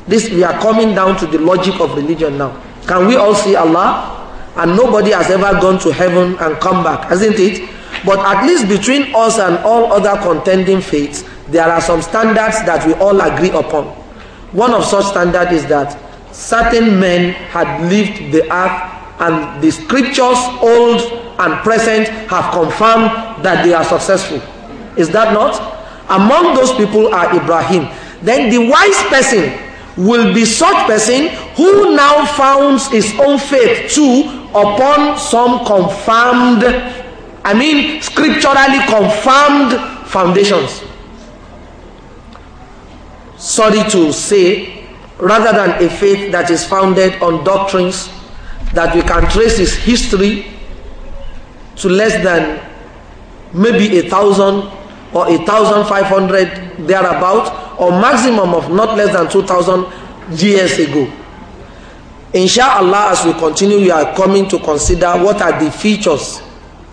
This we are coming down to the logic of religion now. Can we all see Allah? And nobody has ever gone to heaven and come back, hasn't it? But at least between us and all other contending faiths, there are some standards that we all agree upon. One of such standards is that certain men had lived the earth and the scriptures old and present have confirmed that they are successful. Is that not? Among those people are Ibrahim. Then the wise person will be such person who now founds his own faith too upon some confirmed I mean scripturally confirmed foundations. Sorry to say, rather than a faith that is founded on doctrines that we can trace its history to less than maybe a thousand or a thousand five hundred thereabout or maximum of not less than two thousand years ago. Inshallah, as we continue, we are coming to consider what are the features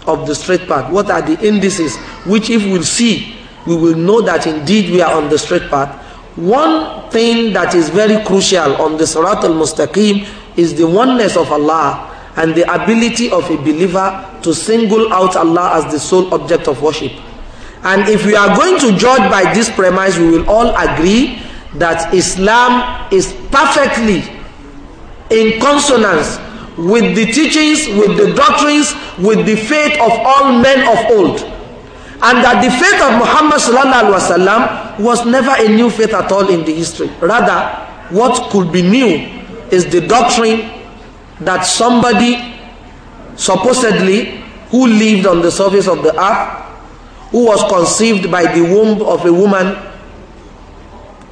of the straight path? What are the indices which if we see, we will know that indeed we are on the straight path? One thing that is very crucial on the Surat al-Mustaqim is the oneness of Allah and the ability of a believer to single out Allah as the sole object of worship. And if we are going to judge by this premise, we will all agree that Islam is perfectly in consonance with the teachings, with the doctrines, with the faith of all men of old. And that the faith of Muhammad wasallam was never a new faith at all in the history. Rather, what could be new is the doctrine that somebody supposedly who lived on the surface of the earth, who was conceived by the womb of a woman,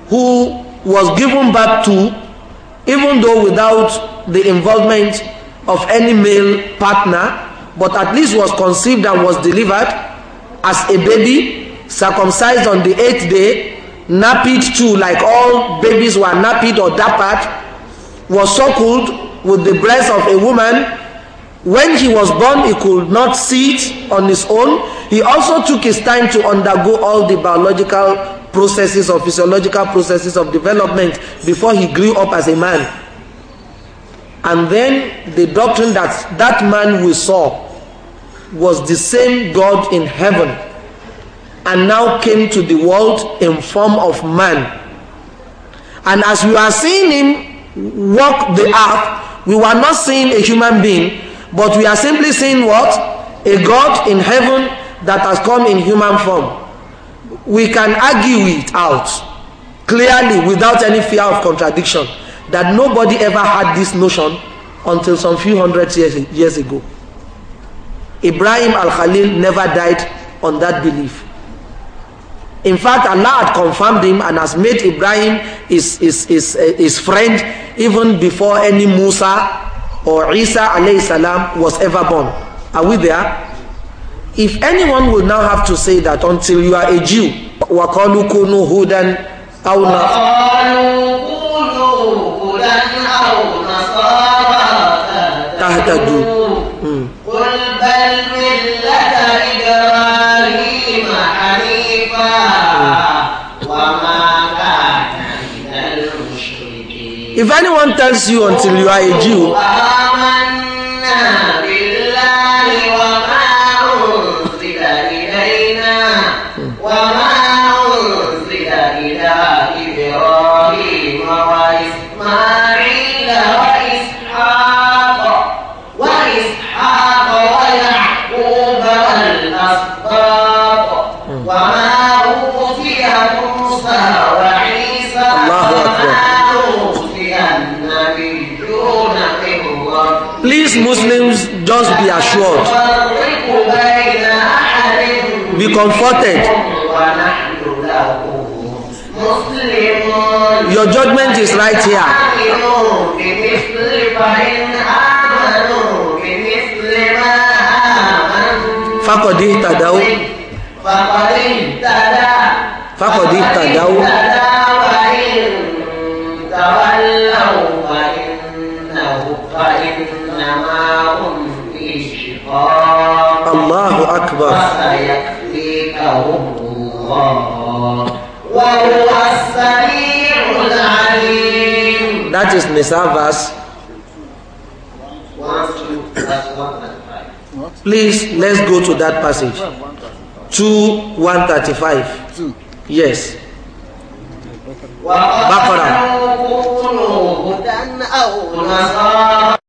who was given birth to, even though without the involvement of any male partner, but at least was conceived and was delivered as a baby, circumcised on the eighth day, nappied too, like all babies were nappied or dappered, was suckled with the breast of a woman. When he was born, he could not sit on his own. He also took his time to undergo all the biological processes or physiological processes of development before he grew up as a man. And then the doctrine that that man we saw was the same God in heaven and now came to the world in form of man. And as we are seeing him walk the earth, we were not seeing a human being, but we are simply seeing what? A God in heaven that has come in human form. We can argue it out clearly without any fear of contradiction. that nobody ever had this notion until some few hundred years, years ago. Ibrahim al-Khalil never died on that belief. In fact, Allah had confirmed him and has made Ibrahim his, his, his, eh, his friend even before any Musa or Isa salam was ever born. Are we there? If anyone would now have to say that until you are a Jew, وَقَالُوا كُنُوا هُودًا أَوْ تهتدوا قل بل ملة إبراهيم حنيفا وما كان من المشركين If anyone tells you until you are a Jew comforted. Your judgment is right here. Fakodi tàdáwó. Fakodi tàdáwó. Allahu akbar. That is Nisa verse. Please, let's go to that passage. 2 135. Two. Yes. بقرة